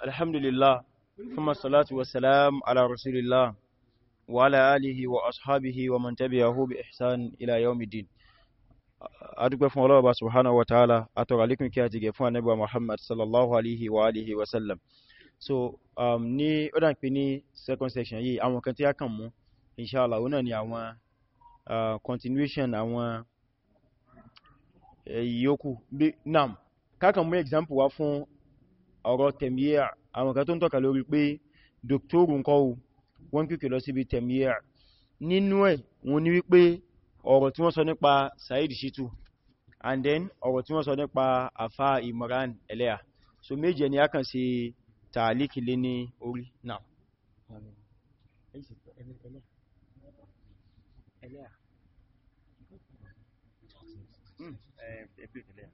alhamdulillah kuma salatu wasalam ala rasulillah wa ala alihi wa ashabihi wa man tabi'ahu bi ihsan ila yawmiddin adúpẹ́ fún Ọlọ́run ba subhanahu wa ta'ala atoro alikun kí a ti ge fún Ànábì wa Muhammad sallallahu alaihi wa alihi wa sallam so ni o dan pé second section yìí àwọn kan tí a kàn mú inshallah ọ̀nà ni àwọn uh, continuation àwọn uh, yòókù nam ká kàn mú example wa fún ọ̀rọ̀ tẹ̀míyà àwọn kan tó ń tọ́ka lórí pé dòktórù ńkọ́ o wọ́n kìkì lọ síbi tẹ̀míyà nínú ẹ̀ wọ́n ní wípé ọ̀rọ̀ tí wọ́n sọ nípa Said Shitu and then ọ̀rọ̀ tí wọ́n sọ nípa Afa Imran Eleha so méje ni a kàn ṣe tààlíkì lé ní orí náà Mm. Eh, eh,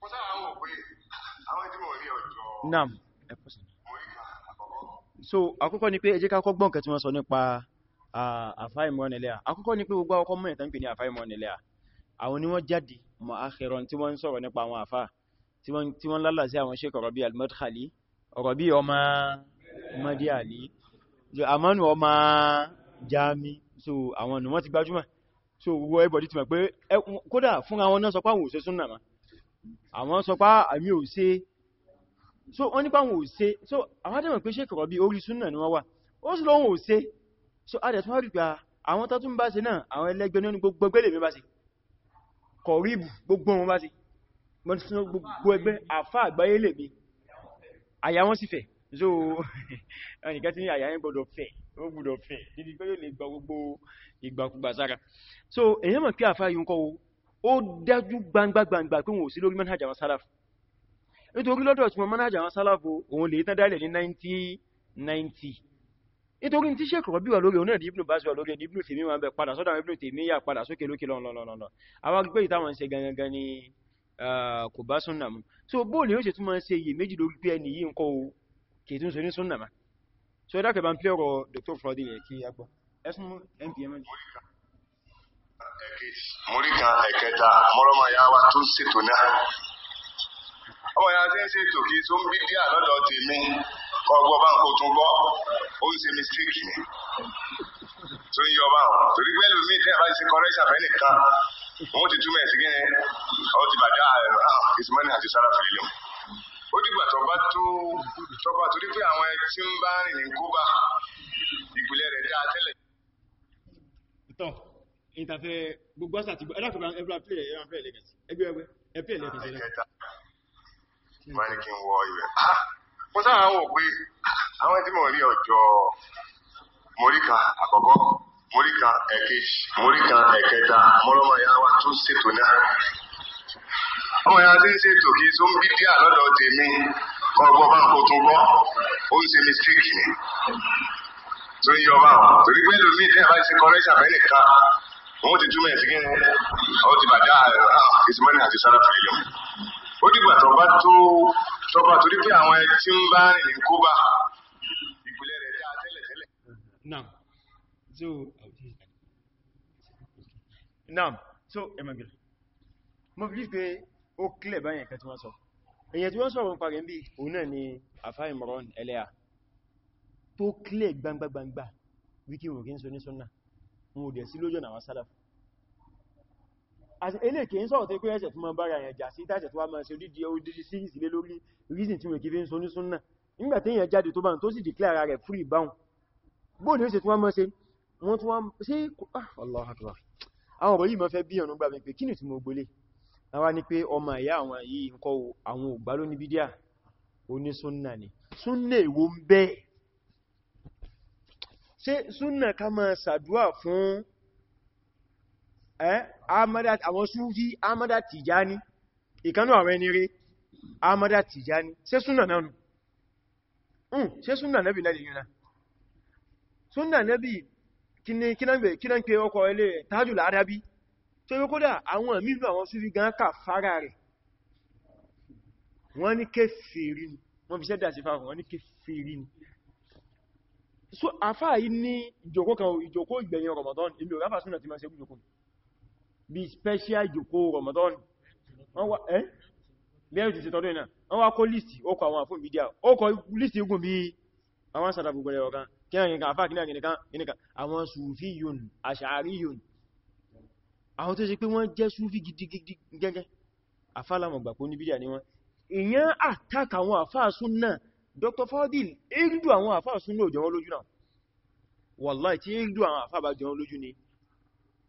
mo sára wò pé ah, àwọn tí mo rí ọjọ́ nam so àkọ́kọ́ ni pé ẹ jẹ́ ká kọ́gbọ́n kẹ́ tí wọ́n sọ nípa àfáìmọ́ nílẹ̀ àkọ́kọ́ ni pé gbogbo ọkọ́ mọ́ ìtàn pè ní àfáìmọ́ nílẹ̀ àwọn ni wọ́n jáde mọ̀ àkẹrọn tí wọ́n sọ̀rọ̀ nípa àwọn àfá tí wọ́n lálà sí àwọn Sheikh Rabi al-Madkhali Rabi ọmọ Madi Ali àmọ́nù ọmọ Jami so àwọn ni wọ́n ti gbajúmọ̀ so gbogbo everybody ti mọ̀ pé kódà fún àwọn náà sọ pé àwọn òṣèṣún náà àwọn sọ pá àmì ah, ò ṣe so wọ́n nípa wọn ò ṣe so àwọn adẹ́mọ̀ pé ṣékọ̀ọ́ bí orí súnnà ni wọ́n wà ó sì lọ́wọ́n ò ṣe so adẹ̀ tún rí gba ah, àwọn tàtún bá ṣe náà àwọn ẹlẹ́gbẹ́ ní gbogbo ẹgbẹ́lẹ̀ mi bá ṣe kọ̀ríbù gbogbo wọn bá ṣe gbogbo ẹgbẹ́ àfá àgbáyé lè mi àyà wọn sì fẹ̀ so ẹnìkan tí ní àyà yẹn gbọdọ̀ fẹ̀ ó gbọdọ̀ fẹ̀ níbi pé yóò lè gba gbogbo ìgbàkúgbà sára so èyàn mọ̀ kí àfá yìí ń kọ́ ó dájú gbangba-gbangba pé wọn ò sí lórí manhaj àwọn sálàf nítorí lọ́dọ̀ tí wọn manhaj àwọn sálàf òun lè tán dálẹ̀ ní 1990 nítorí tí Sheikh Rabi wà lórí onílẹ̀ Ibn Baz wà lórí Ibn Taymiyyah wọn bẹ padà sọ́dọ̀ Ibn Taymiyyah padà sókè lókè lọ́nà àwọn agbẹ́ ìtàwọn ṣe gangan ni ah, kò bá súnnà mu so bóòlù yóò ṣe tún máa ṣe iye méjì lórí pé ẹni yìí ń kọ́ o kì í tún ṣe ní súnnà ma so dákẹ̀bá ń pẹ́rọ Dr. Frodin yẹ kí agbọ́ ẹsùn mpm mórí kan ẹ̀kẹta mọ́rọ́mọ ya wa tó ń ṣètò náà ọmọ ya ti ń ṣètò kí tó ń bí díà lọ́dọ̀ tèmi kọ́ ọgbọ́ bá ń kó tún gbọ́ ó ń ṣe mistake ni tó ń yọ ọba ọ̀ torí pé lómi tẹ́ ẹ̀ bá ṣe correction fẹ́ nìkan wọ́n ti túmọ̀ ẹ̀ sí kíni ọ́ ti bàjá ẹ̀rọ ìsúmọ́ni àti sára fìlẹ̀ ó dìgbà tọ́ba tó tọ́ba torí pé àwọn ẹ ń bá rìn ní kóbá ìpìlẹ̀ rẹ̀ dáa tẹ́lẹ̀ ìtafẹ́ gbogbo ọ́sà ti gbọ́ ẹ̀dàkùnrin ẹ̀fẹ́ ẹ̀fẹ́ ẹ̀fẹ́ lẹ́gẹ̀ẹ́sì ẹgbẹ́ ẹgbẹ́ ẹ̀fẹ́ lẹ́gẹ̀ẹ́sì ẹ̀ta wọ́n ní kí n wọ ìwẹ̀ ah, mo sáà wò pé ah, àwọn tí mo ọmọ ya ti ń ṣètò kí tó ń bí díà lọ́dọ̀ tèmi kọ́gbọ́ bá kó tó gbọ́ ó ń ṣe mistake ni tó ń yọ bá torí pé lómi tí a bá ṣe correction fẹ́ nìkan wọ́n ti túmọ̀ ẹ̀sìn kí ọ ti bàjá ìsìnmọ́nì àti sára fìlẹ̀ ó dìgbà tọ́ba tó tọ́ba torí pé àwọn tí ń bá rìn ní kóbá ìpìlẹ̀ rẹ̀ dá tẹ́lẹ̀tẹ́lẹ̀. naam so oh, naam so emmanuel mo fi pé ó clear báyẹn kẹtí wọ́n sọ èyàn tí wọ́n sọ̀rọ̀ ń parí bí òun náà ni àfáìmọ̀rán ẹlẹ́à tó clear gbangbagbangba wíkí wòkí ń so ní sunnah wọn ò dẹ̀ sí lójú àwọn sálàfù àti ilé kìí sọ̀rọ̀ tó pé ẹ̀ṣẹ̀ tó máa bára yẹn jà sí tàṣẹ̀ tó wá máa ṣe dídí odidi sí ìsìlé lórí reason tí wọ́n kìí fi ń so ní súnnà nígbà tí èèyàn jáde tó bá ń tó sì declare rẹ̀ free bound bóòdì ó sì tó wá máa ṣe wọ́n tó wá sí ah, Allahu Akbar àwọn ọ̀rọ̀ yìí máa fẹ́ bí ọ̀nà gbà mí pé kí ni tí mo gbólé àwa ni pé ọmọ ìyá àwọn yìí ń kọ́ àwọn ògbà lónìí bídíà oní ṣe súnà ká máa sàdúwà fún àwọn Sufi Ahmada Tijani ìkanú àwọn ẹni rí Ahmada Tijani ṣe súnà náà nù hmm, ṣe súnà nẹ́bì lẹ́lẹ̀ yìí náà súnà nẹ́bì kí náà pé ọkọ̀ ilé Tajul Adabi tó yóò kódà àwọn mílù àwọn Sufi gan ká fara rẹ̀ wọ́n ní kéfèrí ni wọ́n fi ṣẹ́dà sí fáwọn wọ́n ní kéfèrí ni so afá yìí ni ìjòkó kan ìjòkó ìgbẹ̀yìn Ramadan ìlú ráfà súnà tí ma ṣe ìjòkó bí special ìjòkó Ramadan lẹ́yìn ti tọ́dún iná wọ́n wá kó lístì ókọ̀ àwọn àfún ìbídíà ókọ̀ lístì igun bí àwọn sàdàbùgbẹ̀rẹ̀ ọ̀kan kíyànjẹ́kan àfá kíyànjẹ́kan àwọn sùfí yùn àṣàrí yùn àwọn tó ṣe pé wọ́n jẹ́ sùfí gidigidi gẹ́gẹ́ àfá lámọ̀gbà kó ní bídíà ni wọ́n ìyẹn àtàkà àwọn àfá súnnà Dr. Fadil irdu àwọn àfáà súnmọ́ òjò wọn lójú náà wallahi tí irdu àwọn àfáà bá jọ wọn lójú ni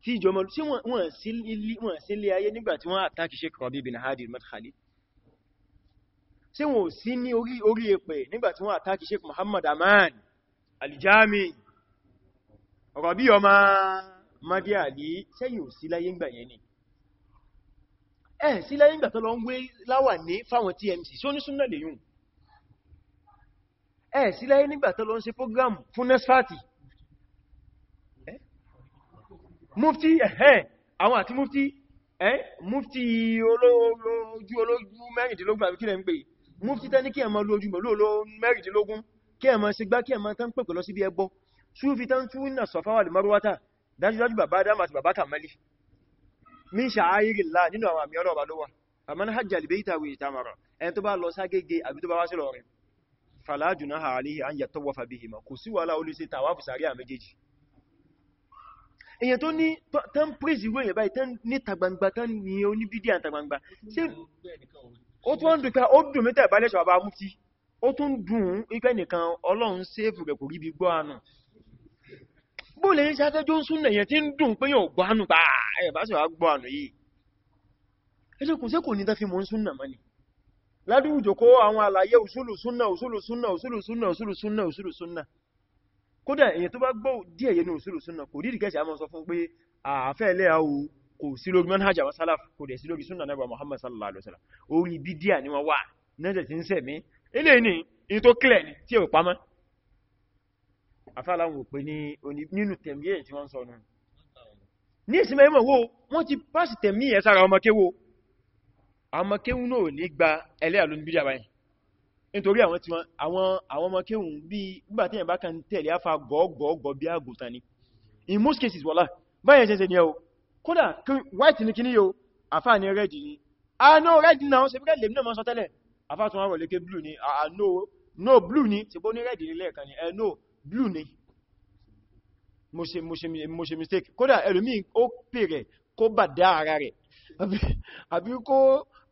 tí ìjọmọ̀ tí wọ́n sí ilé ayé nígbàtí wọ́n àtàkì Sheikh Rabi bin Hadi al-Madkhali tí wọ́n sí ní orí orí ẹ̀pẹ̀ nígbàtí wọ́n àtàkì Sheikh Muhammad Aman al-Jami Rabi ọmọ Madi Ali sẹ́yìn ò sí láyé ngbà yẹn ni ẹ̀ sí láyé ngbà tó lọ ń wé láwà ní fáwọn TMC sóní súnnà lèyùn ẹ̀ sí láyé nígbà tó lọ ń ṣe program fún nesfati mufti ẹ̀hẹ́ àwọn àti mufti ẹ́ mufti olójú olójú mẹ́rìndínlógún àbí kílẹ̀ ń pè mufti tẹ́ni kí ẹmọ lójú mẹ́lú mẹ́rìndínlógún kí ẹmọ sí gbá kí ẹmọ tán pẹ̀pẹ̀ lọ sí bí ẹbọ súfì tán tún nà sọfáwà lè marwata dájúdájú bàbá dáma àti bàbá kàmẹ́lì min ṣàáyírí lá nínú àwọn àmì ọlọ́ọ̀bá ló wà àmọ́ hajjá lè bẹ́ ìtàwé ìtàmàrà ẹni tó bá lọ ságége àbí tó bá wá sí lọ́rin fala junaha alayhi an yatawafa bihima kò sí wàhálà ó lè ṣe tàwáfù sàárì àmẹ́jèjì èyàn tó ní tán praise ìwé èyàn báyìí tán ní tàgbàǹgbà tán ní oníbídí àtàgbàǹgbà ṣe ó tó ń dùkà ó dùn mẹ́ta ìbálẹ́ṣọ́ àbá mú kí ó tún dùn ipẹ́ nìkan ọlọ́run sẹ́fù rẹ̀ kò rí bí gbọ́ ànà bó lè ṣe afẹ́jọ́ ládùú ìjòkó àwọn àlàyé usulu sunna usulu sunna usulu sunna usulu sunna usulu sunna kódà èyàn tó bá gbọ́ díẹ̀ yẹnu usulu sunna kò rí ìdíkẹ́sì àmọ́ sọ fún pé àfẹ́ ilẹ̀ àwò kò sí lórí manhaja wa salaf kò dẹ̀ sí lórí sunna nabi muhammad sallallahu alaihi wasallam orí bídíà ni wọ́n wà náà ti ń sẹ̀mí ilé ní in tó kílẹ̀ ní tí ò pamọ́ afáàláwò pé nínú tẹ̀mí ẹ̀ tí wọ́n sọ nù ní ìsinmi ẹmọ̀ wo wọ́n ti pàṣì tẹ̀mí ẹ̀ sára ọmọ kéwòó àmọ́ kéhùn náà ní gba ẹlẹ́yà ló ní bídíà báyìí nítorí àwọn tí àwọn ọmọ kéhùn bí gbà tí ẹ̀bá kan tẹ̀lé afá gọ́ọ̀gọ́ọ̀gọ́ bí àgùntàn ni in most cases wọ́lá báyẹ̀ ṣe ṣe ní ẹ̀wọ̀ kódà white ní kíní yóò afá ní red ni ah no red náà ṣe fíkẹ́ lèmi náà mọ́ sọ tẹ́lẹ̀ afá tún wọ́n lèké blue ni ah no blue ni ṣe bó ní red ní lẹ́ẹ̀kan ni eh no blue ni mo ṣe mo ṣe mo ṣe mistake kódà ẹlòmíì ó pè rẹ̀ kó bà dá ara rẹ̀ àbí kó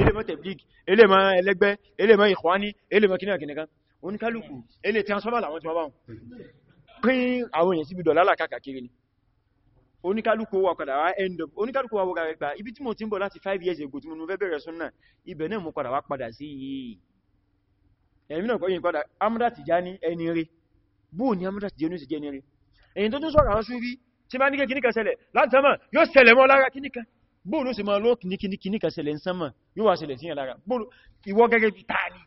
elémọ́ tẹ̀blík elémọ́ ẹlẹ́gbẹ́ elémọ́ ìkwáni elémọ́ kínà kìnìkan oníkálùkù elé transformer làwọn tí wọ́n bá wọn pín àwọn èèyàn síbi la làkàkiri ni oníkálùkù wà padà wá end up oníkálùkù wà wọ́gá rẹ̀gbà ibi tí mo ti ń bọ̀ 5 years ago tí mo fẹ́ bẹ̀rẹ̀ súnnà ibẹ̀ náà mo padà wá padà sí yìí ẹ̀mí náà kọ́yìn padà amúdá ti já ní ẹni rí bóò ní amúdá ti jẹ́ ní ìsìnkẹ́ ní rí èyí tó tún sọ̀rọ̀ àwọn kini tí bá ní kí kíníkà ṣẹlẹ̀ láti sánmà yóò ṣẹlẹ̀ mọ́ lára kíníkà bóò ló sì máa lóòkì ní kíníkà ṣẹlẹ̀ ń sánmà yóò wá ṣẹlẹ̀ síyàn lára gbóòrò ìwọ gẹ́gẹ́ bí ta ní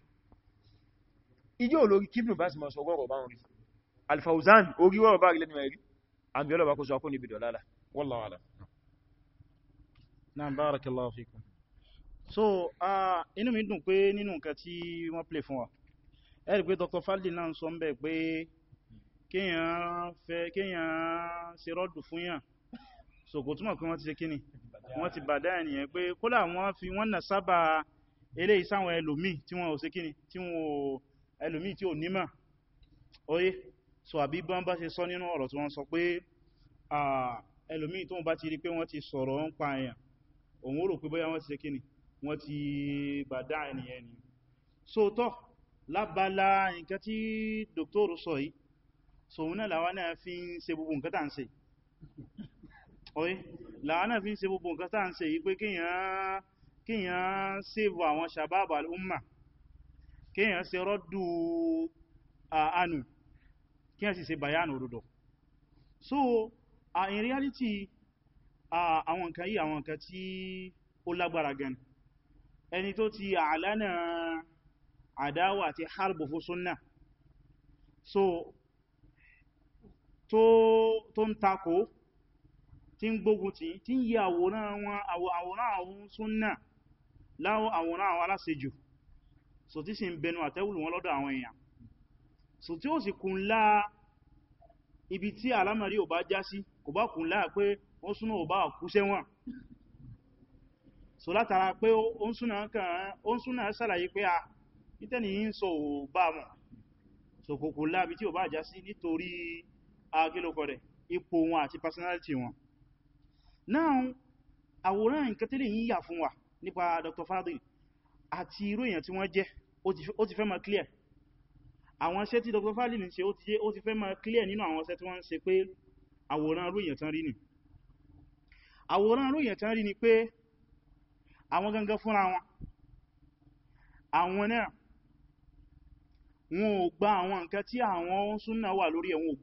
ìjọ olórí kíbnù bá sì mọ́ sọ ọgọ́rọ̀ bá ń rí Al-Fawzan orí wọ́rọ̀ bá rí lẹ́nu ẹ̀rí àbí ọlọ́bà kó sọ akó níbi dọ̀lálà wallahu a'lam na'am barakallahu fikum so inú mi dùn pé nínú nǹkan tí wọ́n Dr. Faldi náà sọ ń bẹ̀ pé kéèyàn fẹ́ kéèyàn ṣe rọ́dù fún yàn so kò túmọ̀ pé wọ́n wọ́n ti bàdá ènìyàn pé kódà wọ́n fi wọ́n nà sábà eléyìí sáwọn ẹlòmíì tí wọ́n ò ṣe kíni tí wọ́n ẹlòmíì tí ò nímọ̀ oyé so àbí bọ́n bá ṣe sọ nínú ọ̀rọ̀ tí wọ́n sọ pé ẹlòmíì tóun bá ti rí pé wọ́n ti sọ̀rọ̀ ń pa èèyàn òun ó rò pé bóyá wọ́n ti ṣe kíni wọ́n ti bàdá ènìyàn ni so tọ́ lábala nǹkan tí dókítà sọ yìí so òun náà làwọn náà fi ń ṣe gbogbo nǹkan tà ń ṣe oye làánà fi ń ṣe gbogbo nǹkan tàà ń ṣe yìí pé kíyàn sèvò àwọn shabab al'umma kíyàn ṣe rọ́dù àánù kíyàn sì ṣe bayan òdodo so uh, in reality àwọn nǹkan yìí àwọn nǹkan tí ó lágbára gan ẹni tó ti àlànà àdáwà àti harbo fún súnnà so tó ń takò tí ń gbógun tí tí ń yí àwòrán wọn àwòrán àwọn súnnà láwọ àwòrán àwọn aláṣejù so tí sì ń bẹnu àtẹ́wùlù wọn lọ́dọ̀ àwọn èèyàn so tí ó sì kún lá ibi tí alámàrí ò bá já sí kò bá kún lá pé ó súnà ò bá kú sẹ́wọ̀n so látara pé ó ń súnà sàlàyé pé a nítẹ́ni yí ń sọ ò bá mọ̀ so kò kún lá ibi tí ò bá já sí nítorí akílòkọ̀ ipò wọn àti personality wọn náà àwòrán nǹkan tẹ́lẹ̀ yìí yà fún wa nípa Dr. Fadil àti irú èyàn tí wọ́n jẹ́ ó ti fẹ́ máa clear àwọn iṣẹ́ tí Dr. Fadil ń ṣe ó ti fẹ́ máa clear nínú àwọn iṣẹ́ tí wọ́n ń ṣe pé àwòrán irú tán rí ni àwòrán irú èyàn tán rí ni pé àwọn gangan fúnra wọn àwọn náà wọn ò gba àwọn nǹkan tí àwọn súnnà wà lórí ẹ̀ wọn ò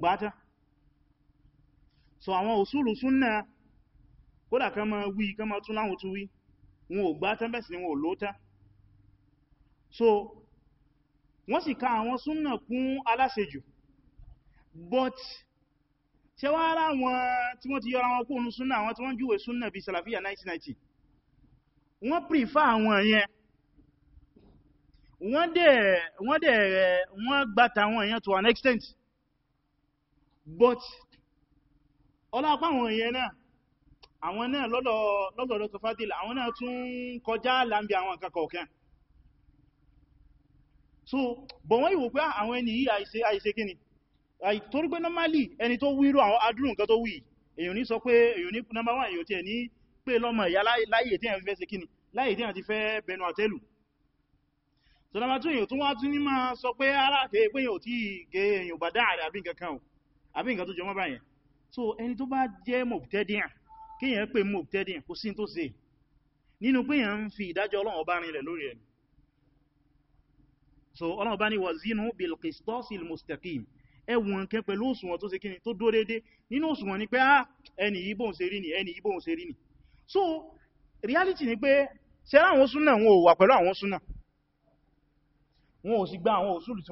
gbá so àwọn òsúlù súnnà kódà kan ma wí kan ma tún láwọn tún wí wọn ò gbá tán bẹ́ẹ̀ sì ni wọn ò lóótá so wọ́n sì ka àwọn súnnà kún aláṣejù but ṣe wá ara wọn tí wọ́n ti yọra wọn kó òun súnnà àwọn tí wọ́n júwe súnnà bí sàlàfíà 1990 wọ́n prefer àwọn yẹn wọ́n dẹ̀ wọ́n dẹ̀ wọ́n gbàtà àwọn yẹn to an extent but ọlápá àwọn èèyàn náà àwọn náà lọ́dọ̀ Dr. Fadil àwọn náà tún kọjá láàbí àwọn akẹ́kọ̀ọ́ kẹ́ so bọ̀ wọ́n ìwò pé àwọn ẹni yìí àìṣe àìṣe kíni torí pé normally ẹni tó wíró àwọn adúrù nǹkan tó wí èyàn ní sọ pé èyàn ní number one èyàn tí ẹ̀ ní pé lọ́mọ so number two èyàn tó wá tún ní máa sọ pé ara àtẹ́ so ẹni tó bá jẹ́ mọ̀bùtẹ́dìyàn kíyàn pè mọ̀bùtẹ́dìyàn kò sí tó ṣe nínú pé yàn ń fi ìdájọ́ ọlọ́run ọba rinlẹ̀ lórí ẹni so ọlọ́run ọba ni wazinu bil qistasil mustaqim ẹwùn kẹ pẹ̀lú òṣùwọ̀n tó ṣe kíni tó dó dédé nínú òṣùwọ̀n ah, ni so reality ni pé ṣe láwọn súnà wọn ò wà pẹ̀lú àwọn súnà wọn ò sì gba àwọn òṣùlù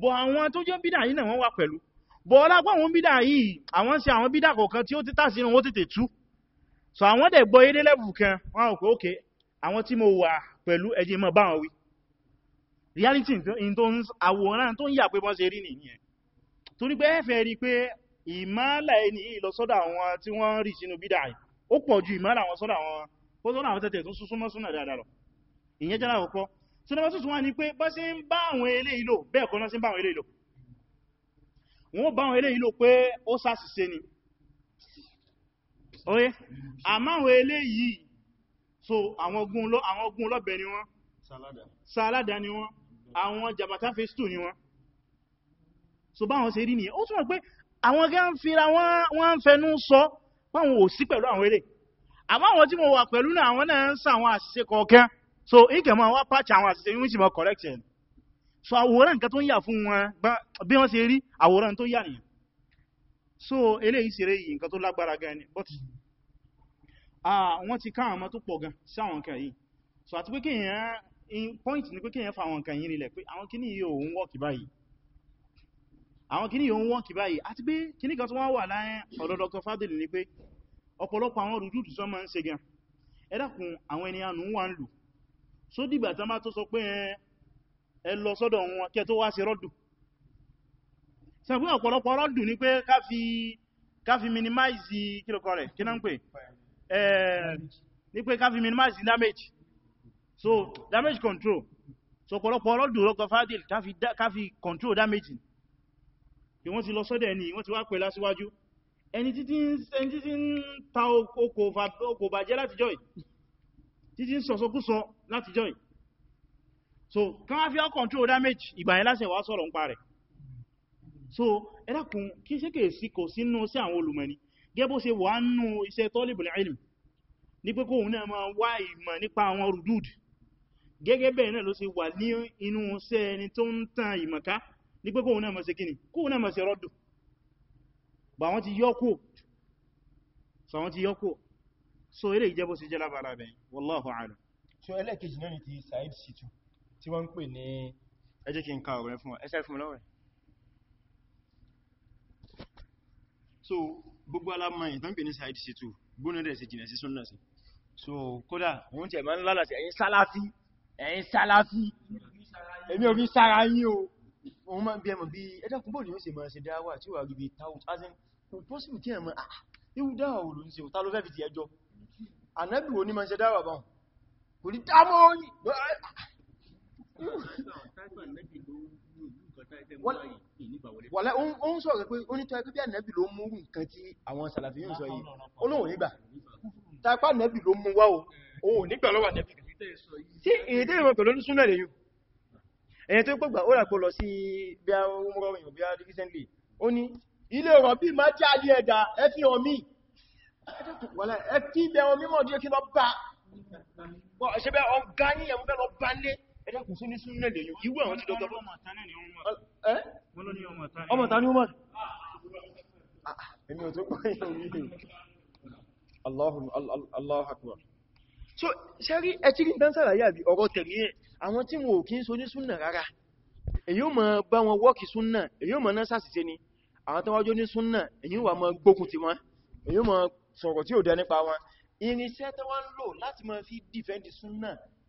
bọ̀ àwọn tó jẹ́ bídà yìí náà wọ́n wà pẹ̀lú bọ̀ ọlápọ̀ àwọn bídà yìí àwọn sí àwọn bídà kọ̀ọ̀kan tí ó títà sínú ó tètè tú so àwọn dẹ̀ gbọ́ ilé lẹ́bù kan wọ́n rò pé ókè àwọn tí mo wà pẹ̀lú ẹjẹ́ mọ̀ báwọn wí reality tó ń àwòrán tó ń yà pé wọ́n ṣe rí nìyẹn torí pé ẹ̀fẹ́ rí pé ìmálà ẹni yìí lọ sọ́dọ̀ àwọn tí wọ́n rí sínú bídà yìí ó pọ̀ ju ìmálà àwọn sọ́dọ̀ àwọn ó sọ́dọ̀ àwọn tẹ̀tẹ̀ tó súnmọ́ súnà dáadáa lọ ìyẹn jẹ́ láwọ́kọ́ tí wọ́n bá tún wá ní pé bá ṣe ń bá àwọn eléyìí lò bẹ́ẹ̀ kọ́ náà ń bá àwọn eléyìí lò wọ́n bá wọn eléyìí ló pé ó ṣàṣìṣe ni oye àmáwọn eléyìí so àwọn ogun lọ́bẹ̀ ni wọ́n sàládà ni wọ́n àwọn jàbátá festu ni wọ́n so báwọn ṣe rí nìyẹn ó túnmọ̀ pé àwọn gẹ́ ń fira wọ́n ń fẹnu sọ páwọn ò sí pẹ̀lú àwọn eré àmọ́ tí mo wà pẹ̀lú náà àwọn náà ń sàwọn àṣìṣe kọ̀ọ̀kan so ìkẹ̀mọ́ wá pàtàkì àwọn àṣìṣe yíò sì so àwòrán nǹkan tó ń yà fún wọn bí wọ́n ṣe rí àwòrán tó yà nìyàn so eléyìí ṣeré yìí nǹkan tó lágbára gan ni but wọ́n ti ká àwọn tó pọ̀ gan sí àwọn nǹkan yìí so àti pé kéèyàn point ni pé kéèyàn fa àwọn nǹkan yìí nílẹ̀ pé àwọn kíní yìí ò ń wọ́ọ̀kì báyìí àwọn kíní yìí ò ń wọ́ọ̀kì báyìí àti pé kíní ni pé ọ̀pọ̀lọpọ̀ àwọn rùdúdù tó máa ń ṣe gan so dìgbà tán bá tó ẹ lọ sọ́dọ̀ wọn kẹ́ tó wá sí rọ́dù sẹ́gbé ọ̀pọ̀lọpọ̀ rọ́dù ní pé káfí minimize kílòkọ rẹ̀ kí náà ń pè ní pé káfí minimize damage so damage control so ọ̀pọ̀lọpọ̀ rọ́dù rọ́kọ fadil káfí control damage kí wọ́n ti lọ sọ́dọ̀ ẹni wọ́n ti wá pè lásíwájú ẹni títí ń ta okò bàjẹ́ látijọ́ so kan wá fi all control damage ìgbà yẹn lásẹ̀ wá sọ̀rọ̀ ń pa rẹ̀ so ẹ̀dàkùn kí ṣe kèè sí kò sínú sí àwọn olùmọ̀ni gẹ́bó ṣe wà nù iṣẹ́ tọ́lìbùn ilm ní pé kóhun náà máa wá ìmọ̀ nípa àwọn rudud gẹ́gẹ́ bẹ́ẹ̀ náà ló ṣe wà ní inú iṣẹ́ ẹni tó ń tan ìmọ̀ká ní pé kóhun náà máa ṣe kíni kóhun náà máa ṣe rọ́dù bà wọ́n ti yọ́kù so wọ́n ti yọ́kù so ilé ìjẹ́bó ṣe jẹ́ lábàlábẹ̀ wallahu a'lam so ẹlẹ́kejì náà ni ti Said Shitu tí wọ́n ń pè ní ẹ jẹ́ kí n ka ọ̀rẹ́ fún wa ẹsẹ́ fún lọ́rẹ̀ so gbogbo alamọ ìtàn pè ní side c2 gbóná dẹ̀ sí jìnà sí súnnà sí so kódà wọ́n tẹ̀ máa ń lálà sí ẹ̀yin sálàfí ẹ̀yin sálàfí èmi ò rí sára yín o òun máa ń bí ẹmọ̀ bí ẹ̀dàkùn bóòlù yóò sì máa ṣe dáwà tí ó wà gbogbo ìtàwùt as in kò pọ́sìmù kí ẹ̀mọ̀ ah ihu dáwà olù ń ṣe òtá ló fẹ́ fi ti ẹjọ́ ànábì wo ní máa ṣe dáwà báhùn kò ní dámọ́ yìí wọ́lá ó ń sọ̀rọ̀ pé ó nítọ́ ẹgbẹ́ ànẹ́bì ló mú nǹkan tí àwọn sàlàfí yìí sọ yìí olóhùn nígbà tàpá ànẹ́bì ló mú wá ohun nígbà lọ́wà ànẹ́bì sí èdè ìwọ̀n pẹ̀lú súnlẹ̀ lẹ́yìn ẹ̀yẹn tó gbogbo ó ràpò lọ sí bí a ń rọrùn bí a recently ó ní ilé ọ̀rọ̀ bí má jẹ́ alẹ́ ẹ̀dà ẹfí ọmí ẹfí bẹ ọmí mọ̀ díẹ̀ kí lọ bá ṣe ẹ̀dàkùn sí ní súnnà lè yóò irú àwọn tí dr ọmọ tani umar ẹni ọ̀tọ́ pàáyà wílò Allahu Akbar so ṣẹ́rí ẹ̀tírí tán sàràyà bí ọ̀rọ̀ tẹ̀rí ẹ̀ àwọn tí wọn ò kí ń so ní súnnà rárá èyí ma bá wọn wọ́kì súnnà èyí ma náà sàṣìṣẹ́ ni àwọn tánwájọ́ ní súnnà èyí wà ma gbókun ti wọn èyí ma sọ̀rọ̀ tí ò dẹ nípa wọn irinṣẹ́ tánwá ń lò láti ma fi dìfẹ́ndì súnnà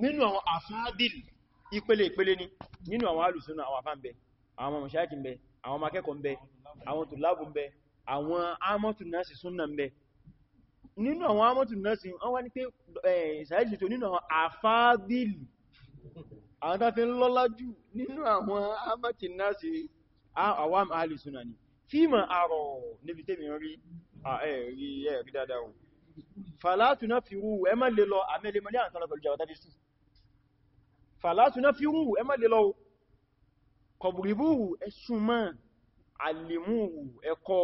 nínú àwọn àfáàdìl ìpele ìpele ni nínú àwọn alùsùnà àwọn àfáà ń bẹ àwọn mọ̀ṣáàkì ń bẹ àwọn makẹ́kọ̀ọ́ ń bẹ àwọn tòlábù ń bẹ àwọn amọ́tù nọ́ọ̀sì súnnà ń bẹ nínú àwọn amọ́tù nọ́ọ̀sì wọ́n wá ní pé ìsàájì tó nínú àwọn àfáàdìl àwọn tó fi ń fàlátùná fi rúrù ẹ má lè lọ àmẹ́lẹ́mọ́ ní àǹkan lọ́pẹ̀lú jàwátá dé sí fàlátùná fi rúrù ẹ má lè lọ kọ̀bùrìbúrù ẹ súnmọ́ àlèmúrù ẹkọ́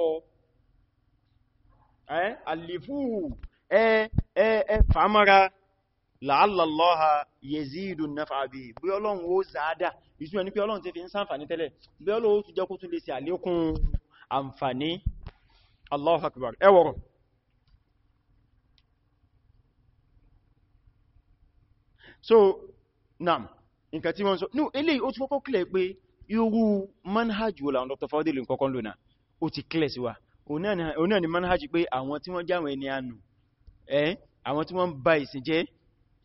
àlèfúrù ẹ fàmára láàlọ́lọ́ha yẹzídù náfàbí bí ọlọ́run ó záádà ìsúnmọ̀ ní pé ọlọ́run ti fi ń sáǹfàní tẹ́lẹ̀ bí ọlọ́run ó tún jẹ́ kó tún lè ṣe àlékún àǹfàní Allahu akbar ẹwọ̀rọ̀ so nam nǹkan tí wọ́n sọ no eléyìí ó ti kọ́kọ́ clear pé irú manhaj wo làwọn Dr. Fadil kọ́kọ́ lò náà ó ti clear sí wa òun náà ni manhaj pé àwọn tí wọ́n jáwọn ẹni ànù ẹ́ àwọn tí wọ́n ba ìsìn jẹ́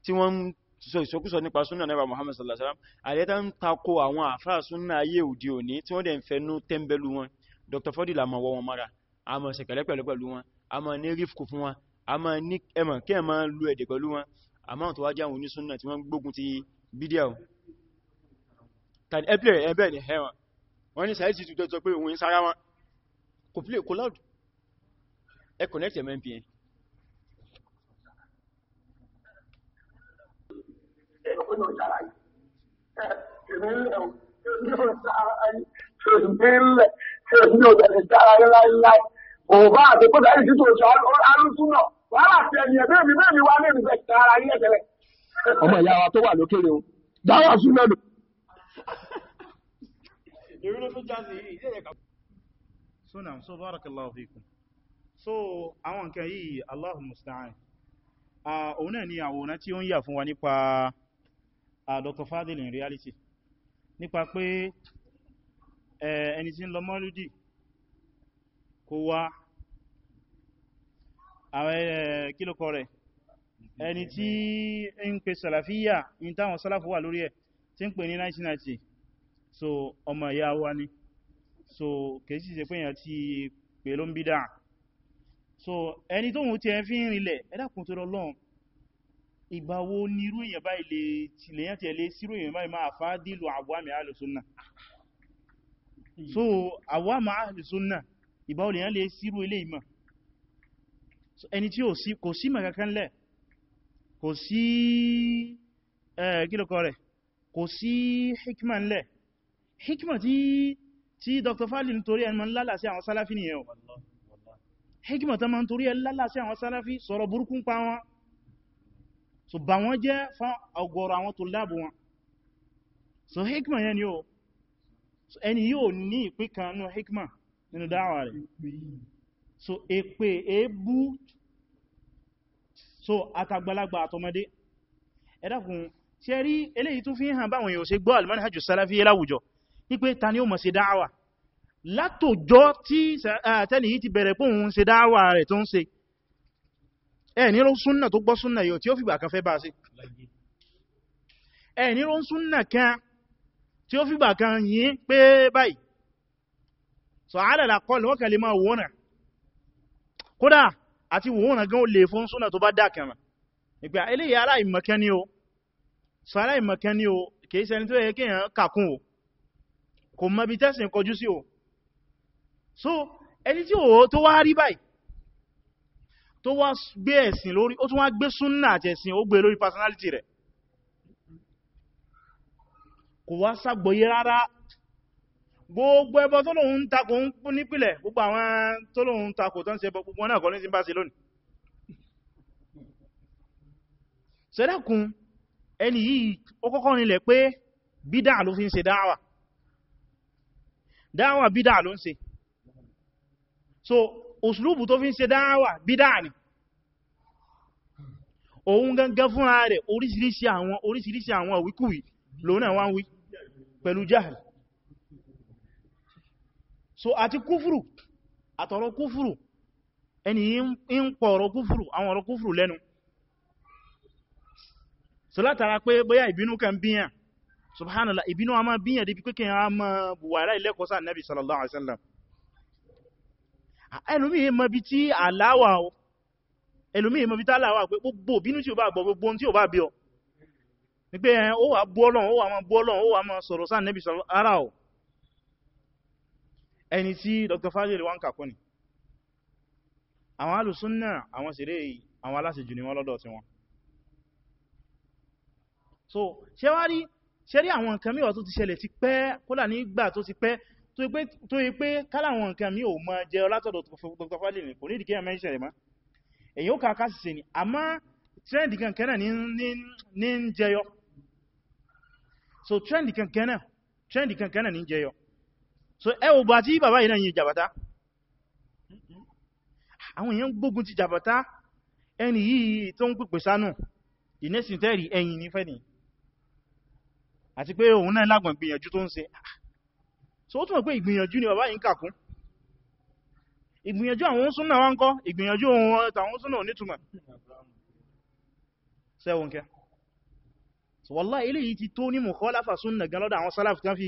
tí wọ́n ń sọ ìsọkúsọ nípa súnà Muhammad sallallahu alaihi wasallam àdẹ́ta ń takò àwọn àfáà súnà ayé òde òní tí wọ́n dẹ̀ ń fẹnu tẹ́mbẹ́lú wọn Dr. Fadil àmọ́ wọ́n wọn mara àmọ́ ṣẹ̀kẹ̀lẹ́ pẹ̀lú pẹ̀lú wọn àmọ́ ní rífkù fún wọn àmọ́ ní ẹmọ̀ kí ẹmọ̀ lu ẹ̀dẹ̀ pẹ̀lú wọn àmáwọn tó wá jáwọn onísúnnà tí wọ́n gbógun ti bídíà tàbí ẹ̀pẹ̀ ẹ̀bẹ̀ ní ẹ̀wọ̀n wọ́n ní sàíṣì tó tọ́ pé òun ń sára wọn kò plé kò láàdù ẹ connect MPN Òbá àti kó dárí sí tó ṣe arúsúnà wàhálà ti ẹ̀mí ẹ̀ bẹ́ẹ̀ mi bẹ́ẹ̀ mi ní ọmọ ìyá wa tó wà lókèrè o dáwà sún mẹ́nu. so so àwọn nǹkan yìí Allahu musta'an náà ni àwòrán tí ó ń yà fún wa nípa Dr. Fadil in reality nípa pé ẹni tí ń lọ mọ́lúdì kó wá àwọn eh, kílòkọ rẹ̀ ẹni tí ń pè sàlàfíyà ní táwọn sálàfù wà lórí ẹ̀ tí ń pè ní 1990 so ọmọ ìyá wa ni so kèsì ṣe pé èyàn ti pè ló ń bídà so ẹni tó mú ti ẹ fi ń rinlẹ̀ ẹ̀dàkùn tó lọ́lọ́run ìgbà wo ni irú èyàn báyìí lè tìlẹ̀yàn tẹ̀lé sírò èyàn báyìí máa fà á dìlù àwàmì àlùsùnà so àwàmì àlùsùnà ìgbà wo lèyàn lè sírò ilé ìmọ̀ ẹni tí kò sí mẹ́kankan lẹ̀ kò sí kílùkọ rẹ̀ kò sí hikman lẹ̀ hikman tí dr falin torí ẹni ma ń lálà sí àwọn sálàfí nìyẹn o hikman tó ma ń torí ẹni lálà sí àwọn sálàfí sọ̀rọ̀ burúkú pa wọn so bà wọ́n jẹ́ fún ọgọ́rọ̀ àwọn tó láàbù wọn so hikman yẹn ni o ẹni yóò ní ìpín kan nínú hikman nínú dáwà rẹ̀ so epe ebu so àtàgbàlagbà àtọmọdé ẹ dákun ṣe rí eléyìí tún fi hàn báwọn èèyàn ṣe gbọ́ almanhajù salafiyya láwùjọ wípé ta ni ó mọ̀ ṣe dáwà látòjọ́ tí tẹ́lì yìí ti bẹ̀rẹ̀ pé òun ṣe dáwà rẹ̀ tó ń ṣe ẹ̀ ní ló súnnà tó gbọ́ súnnà yóò tí ó fìgbà kan fẹ́ bá sí ẹ̀ ní ló súnnà kan tí ó fìgbà kan yìí pé báyìí so alàlàkọ́ lọ́kàlẹ̀ máa wona kódà àti wòhónà gan lè fún súnà tó bá dákẹ̀rẹ̀ ìgbà eléyìí aláìmọ̀kẹ́ ni o so aláìmọ̀kẹ́ ni o kìí ṣẹni tó yẹ kí èyàn kàkún o kò mọ̀ bí tẹ́sìn kọjú sí o so ẹni tí o tó wá rí báyìí gbogbo ẹbọ tó lóhun ń takò ń pún nípìlẹ̀ gbogbo àwọn tó lóhun ń takò tó ń ṣe gbogbo náà kọ́lé sí bá ṣe lónìí sẹ́dẹ̀kùn ẹni yìí ó kọ́kọ́ nílẹ̀ pé bídà ló fi ń ṣe dáwà dáwà bídà ló ń ṣe so òṣùlùbù tó fi ń ṣe dáwà bídà ni òun gangan fúnra rẹ̀ oríṣiríṣi àwọn oríṣiríṣi àwọn òwíkúwì lónà wá ń wí pẹ̀lú jahil so àti kúfùrù àtọ̀rọ̀ kúfùrù ẹni ń pọ̀ ọ̀rọ̀ kúfùrù àwọn ọ̀rọ̀ kúfùrù lẹ́nu so látara pé bóyá ìbínú kan bíyàn subhanallah ìbínú a máa bíyàn débi pé kí a máa bùwà aláìlẹ́kọ̀ọ́ nabi sallallahu alaihi wasallam ẹlòmíì mọ bí tí àláwà o ẹlòmíì mọ bí tí àláwà pé gbogbo bínú tí o bá gbọ́ gbogbo nabi sallallahu alaihi ẹni tí Dr. Fajil wọ́n kàkún ni àwọn alùsúnnà àwọn sèré àwọn aláṣejù ni wọ́n lọ́dọ̀ tí wọ́n so ṣe wá rí ṣe rí àwọn nǹkan míwọ̀ tó ti ṣẹlẹ̀ ti pẹ́ kólà ní ìgbà tó ti pẹ́ tó yí pé káláwọn nǹkan mí ò mọ jẹ látọ̀dọ̀ Dr. Fajil ni kò ní ìdíkẹ́ mẹ́rin ṣẹlẹ̀ mọ́ èyí ó ni àmọ́ so ẹwọ bá tí bàbá ìrìn yìí jàbàtá àwọn èèyàn gbógun ti jàbàtá ẹni yìí tó ń pípẹ̀ sánú ìnẹ́sìn ẹ̀yìn ní fẹ́ni àti pé òun náà lágbọ̀n gbìyànjú tó ń ṣe so ó túnmọ̀ pé ìgbìyànjú ni bàbá yìí ń kàkún ìgbìyànjú àwọn súnà wá ń kọ́ ìgbìyànjú ohun àwọn súnà ò nítumọ̀ sẹ́wọ̀n kẹ́ so wallahi ilé yìí ti tó ní mùkọ́láfà súnà gan lọ́dọ̀ àwọn sálàfù tán fi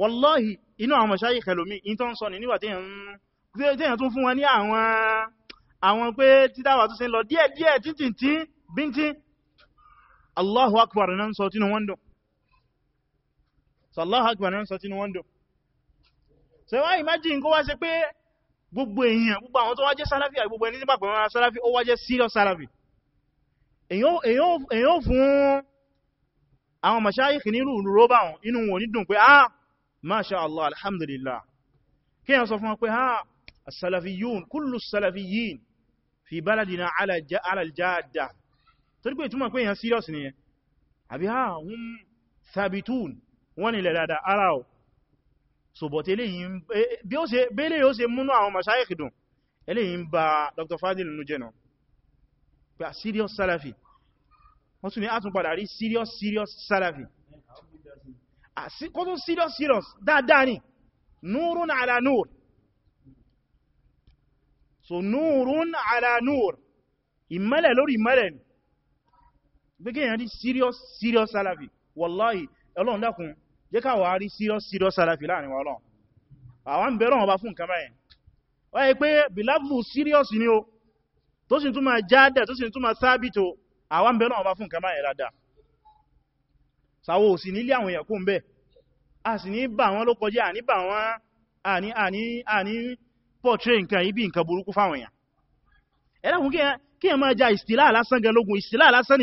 wallahi inú àwọn mashayikh ẹlòmí in tó ń sọ ní níwà téèyàn tún fún wọn ní àwọn àwọn pé títàwà tó ṣe lọ díẹ̀ díẹ̀ títì tí bíntín allahu akbar náà sọ tínú wọ́n dùn so allahu akbar náà so wá imagine kó wá ṣe pé gbogbo èèyàn gbogbo àwọn tó wá jẹ́ salafi àti gbogbo ẹni tí pàpọ̀ wọn salafi ó wá jẹ́ serious salafi èèyàn fún àwọn mashayikh nírú ìlú róbà inú wọn ní dùn pé ah masha Allah alhamdulillah kí yà sọ fún pé ha salafiyun kullu salafiyin fi baladina alaljada tó dípé túnmà pé yà serious ni yẹn àbí ha hum thabitun wọ́n ni lẹ́dàdà ara o so bọ̀ tẹ́lẹ̀ yìí e, e, bí ó ṣe bẹ́lẹ̀ yóò ṣe múnú àwọn mashayikh dùn eléyìí ń ba Dr. Fadil nínú jẹ́nà pé a ah, serious salafi wọ́n tún ni a tún padà rí serious serious salafi kó tó serious serious dáadáa ni nurun ala nur so nurun ala nur ìmọ́lẹ̀ lórí ìmọ́lẹ̀ ni gbégé yẹn rí serious serious salafi wallahi ọlọ́run dákun jẹ́ káwàá rí serious serious salafi láàrin wa ọlọ́run àwọn bẹ̀rọ ọba fún nǹkan báyẹn wọ́n yẹ pé bilavu serious ni o tó sì tún ma jáde tó sì tún sábìtò àwọn bẹ̀rọ ọba fún nǹkan báyẹn dáadáa sàwọ́ òsì nílé àwọn èèyàn kó ń bẹ́ a sì ní bà wọ́n ló kọjá àní bà wọ́n àní àní àní portray nǹkan ibi nǹkan burúkú fáwọn èèyàn ẹ̀lẹ́kùn kí ẹ máa ja ìstìlá lásán gẹlógún ìstìlá lásán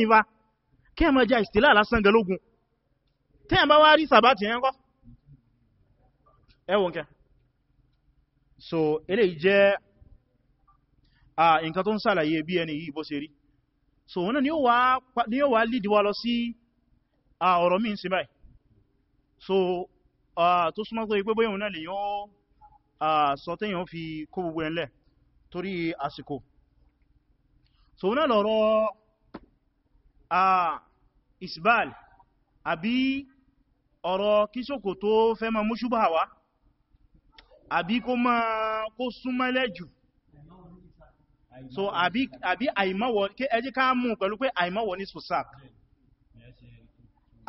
kí ẹ máa ja ìstìlá lásán gẹlógún ẹ bá wá rí sàbátì yẹn ẹwọ nǹkan so eléyìí jẹ́ à nǹkan tó ń sàlàyé bí ẹni yìí bó ṣe rí so wọn ni ó wá lídìí wa lọ sí ọ̀rọ̀ mi ń ṣe báyìí so tó súnmọ́ tó ipé bóyá òun náà lè yán sọ téèyàn fi kó gbogbo ẹ̀lẹ̀ torí àsìkò isbal àbí ọ̀rọ̀ kíṣòkò tó fẹ́ ma mú ṣúbà wá kó ma kó súnmọ́lẹ̀ jù so àbí àìmọ́wọ̀ ẹjí ká mú pẹ̀lú pé àìmọ́wọ̀ ní sùsàk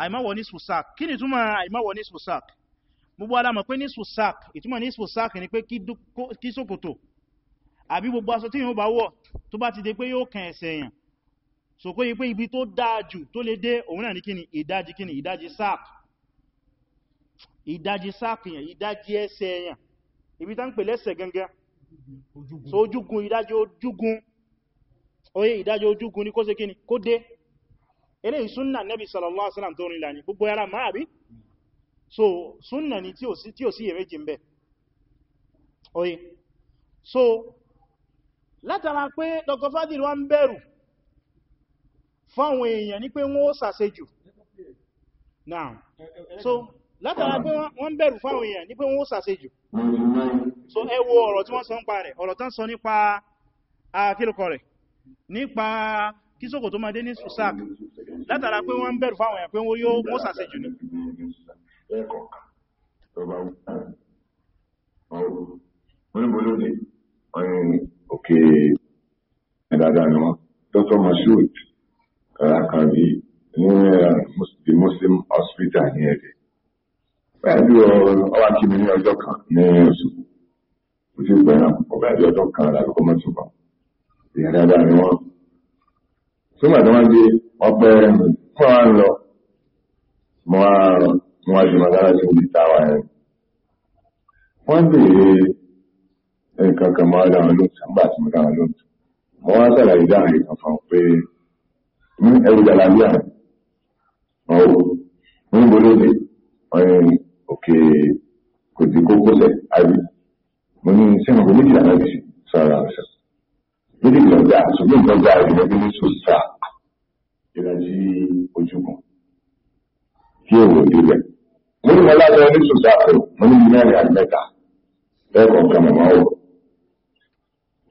àìmọ́wọ̀ ní sùsák kí ni túnmọ̀ àìmọ́wọ̀ ní sùsák gbogbo alamọ̀ pé ní sùsák ìtúmọ̀ ní sùsák ni pé kí sókòtò àbí gbogbo aṣọ tí yíò bá wọ̀ tó bá ti dé pé yóò kàn ẹsẹ̀ èèyàn so kó yí pé ibi tó dáa jù tó lè dé òun náà ní kíni ìdájí oye ìdájí ojúgun ni kó ṣe eléyìí sunna nẹ́bí bi alaihi wasallam tó rìnlẹ̀ ní gbogbo yára máa bí so súnnà ni tí ò sí èméjì ń oye so látara pé Dr. Fadil wá bẹ̀rù fáwọn èèyàn ní pé wọ́n ó sàṣejù now so látara pé wọ́n bẹ̀rù fáwọn èèyàn ní pé wọ́n ó sàṣejù so ewo wọ́n sọ sọ nípa ah, kí sókò tó máa dé ní sùsáàk látara pé wọ́n ń bẹ̀rù fáwọn èèyàn pé wọ́n yóò mọ́ sàṣẹ jù ní òkè ẹ̀dàdà ni wọ́n Dr. Mashood Karakanbi ní eh, the Muslim Hospital ní Ẹdẹ pẹ̀lú ọwá kí mi ní ọjọ́ kan ní oṣù kò sí ìgbẹ̀rẹ̀ ọ̀bẹ̀ ọjọ́ kan lábẹ́kọ́ mọ́tò kan ìyẹn dáadáa ni wọ́n súnmọ̀ tó wọ́n di ọpẹ́ ẹ̀rùn fún wa ń lọ mọ́ àrùn wọn àti màdára sí ibi táwa ẹ̀rùn wọ́n bèèrè nǹkan kan mọ́ ara wọn lóòtù nígbà tí mo dára lóòtù mo wá sàlàyé dáhùn ìkan fún pé ní ẹrù dàlà bí àrùn o ní bolóde ọ̀yìn òkè kò sí kókósẹ̀ àbí mo ní sẹ́nu kò méjìlá náà ti sọ̀rọ̀ àṣà níbi ìyọ̀gá ṣùgbọ́n ìjọba ìrìnlẹ̀ bí ní sòsà ìrìnàjì ojúkùn kí èrò débẹ̀. mo ní wọn lábẹ́ ní sòsà àpò mo ní mẹ́rin àti mẹ́ta ẹ̀kọ́ kan màmá wò.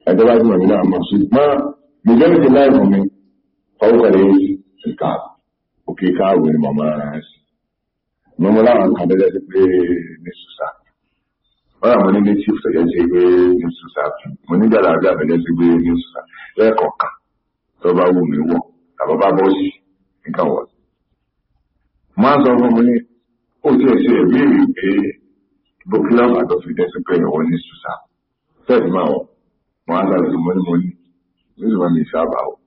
ẹgbẹ́ bá gbìyànjú náà mọ̀ sí mọ́ majority life mi ọ̀rọ̀kọ̀lẹ̀ ìka òkè káàwé ni màmá rẹ̀ sí. mo mọ láwọn kan bẹ́ẹ̀ pé ní sòsà àpò ọ̀rọ̀ àwọn onílé tí òfìsẹ̀ yẹn ṣe pé ní sùsà tù mo ní gbàdá àbí àbẹ̀lẹ̀ ṣe pé ní sùsà lẹ́ẹ̀kọ̀ọ̀kan tó bá wù mí wọ̀ tàbá bá bọ́ sí nǹkan wọ̀. máa sọ fún mi ní ó ti ẹ̀ ṣe ìbéèrè pé bókílà àtọ̀ fi dẹ́sẹ̀ pé ìwọ̀n ní sùsà fẹ́ẹ̀ máa wọ̀ máa sàlẹ̀ sí mọ́nímọ́ní nígbà wọn ní ìṣàbà wọ̀.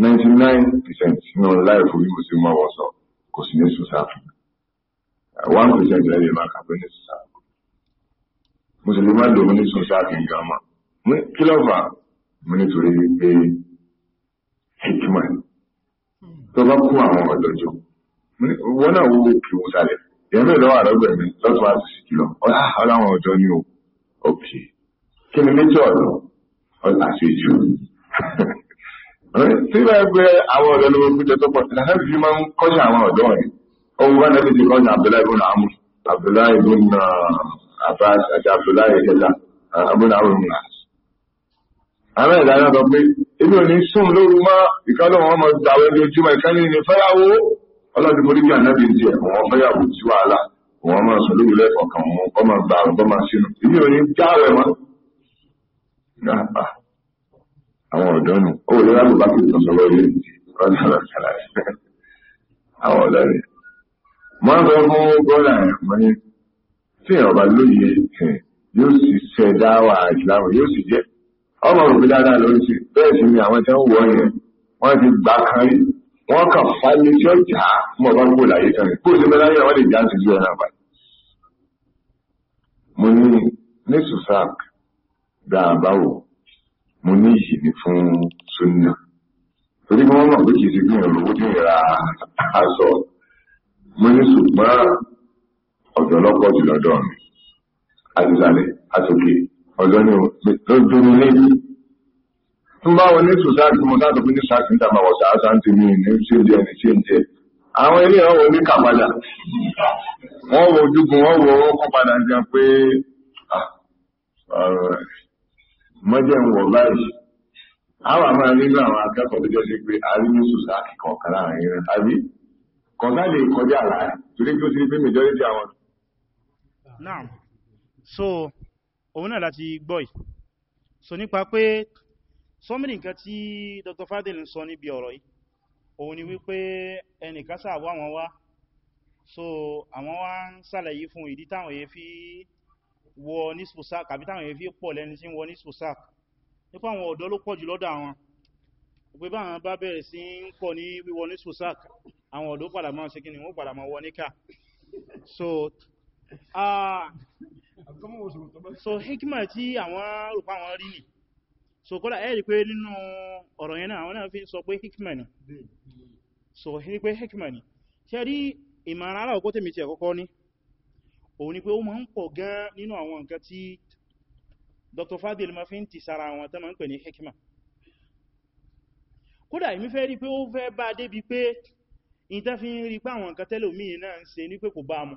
ninety nine percent nínú láìfò bí mo ṣe máa wọ̀ sọ kò sí ní sùsà fún one percent lẹ́yìn mo sì lè má lò mo ní sùn sáàkì nǹkan mọ́ kí ló fà mo nítorí wípé hikima tó bá kú àwọn ọ̀dọ́jọ́ wọn náà wo kí wọ́n sálẹ̀ èmi lọ́wọ́ àrọ́gbẹ̀ mi lọ́tún àti sì kìlọ̀ ọ̀là ah, ọ̀làwọn ọ̀dọ́ ni o òkè kí ni méjì ọ̀dọ́ ọ̀là sí jù tí bá gbé àwọn ọ̀dọ́ ló gbé jọ tó pọ̀ lànà fi máa ń kọ́ṣà àwọn ọ̀dọ́ yẹn ohun bá nàbí ti kọ́ṣà Abdullahi ibùn Amr Abdullahi ibùn Abbas àti Abdullahi ìkẹta abúlé àwọn ọmọ náà. Àwọn ẹ̀dá náà sọ pé ebi ò ní sùn lóru mọ́ ìkálọ̀ wọn mọ̀ dàwẹ́ lójúmọ́ ìkálẹ̀ ní fẹ́yàwó ọlọ́dún forí jà nábì díẹ̀ wọn fẹ́yàwó sí wàhálà wọn máa sọ lóru lẹ́kọ̀ọ́ kan wọn kọ́ máa gba àrùn kọ́ máa sínú ebi ò ní jáwẹ̀ wọn. Àwọn ọ̀dọ́ nù ó lè rábò bá kìí sọ̀rọ̀ lórí ọ̀dọ́ àwọn ọ̀dọ́ rẹ̀. Mọ́ tí èèyàn bá lóye ẹ̀sìn yóò sì ṣe dáwà ìsìláàmù yóò sì jẹ́ ọmọ òfin dáadáa lórí sí bẹ́ẹ̀ sì ni àwọn tẹ́ ń wọ yẹn wọ́n ti gbà kan rí wọ́n kàn fálé tí ó jà á mọ̀ bá gbò láyé kan rí kó o ṣe mẹ́ta yẹn wọ́n lè já sí ìjọba náà báyìí. mo ní ní sùfàk dáàbáwò mo ní yìí ní fún sunna torí wọ́n mọ̀ pé kì í ṣe gbìyànjú owó tí ìra aṣọ mo ní ṣùgbọ́n ọ̀dọ́ lọ́pọ̀ jù lọ́dọ̀ mi àtìsàlẹ̀ àtòkè ọ̀dọ́ ni lójúmí ní ń bá wọn ní sòsáàtì mo sáàtò pé ní sàásì ń tàbà wọ̀sà àṣà ń tèmi ní ṣé díẹ̀ ní ṣé díẹ̀ àwọn ilé ọ̀wọ̀ ní kàpadà wọ́n wo ojúgun wọ́n wo ọkọ̀ padà jẹ pé mọ́jẹ̀ ń wọ̀ báyìí àwọn àmọ́ nínú àwọn akẹ́kọ̀ọ́ tó jẹ́ sí pé àrí ní kọ̀ọ̀kan láàrin rẹ̀ àbí kọ̀ọ̀kan lè kọjá àlàyé torí pé ó ti rí pé majority àwọn naam so òun náà láti gbọ́ so nípa pé sọ́mìnì nǹkan tí Dr. Fadil ń sọ níbi ọ̀rọ̀ yìí òun ni wípé ẹnìkan sàwọ́ àwọn wá so àwọn wá ń sàlàyé fún ìdí táwọn èyí fi wọ ní sposak àbí táwọn èyí fi pọ̀ lẹ́ni tí wọ ní sposak nípa àwọn ọ̀dọ́ ló pọ̀ jù lọ́dọ̀ àwọn pé bá àwọn bá bẹ̀rẹ̀ sí ń pọ̀ ní so so hikima tí àwọn rùpa àwọn rí ni so ẹ rí pé nínú ọ̀rọ̀ yẹn náà àwọn fi sọ pé hikima ni so ní pé hikima ni rí ara ti ni pé gan nínú àwọn nǹkan ti Dr. Fadil ma fi ń ti sára àwọn tó máa ń pè hikima kódà ìmí fẹ́ rí pé ó fẹ́ bá débi pé ìtẹ́fin rí pé àwọn nǹkan náà ń ní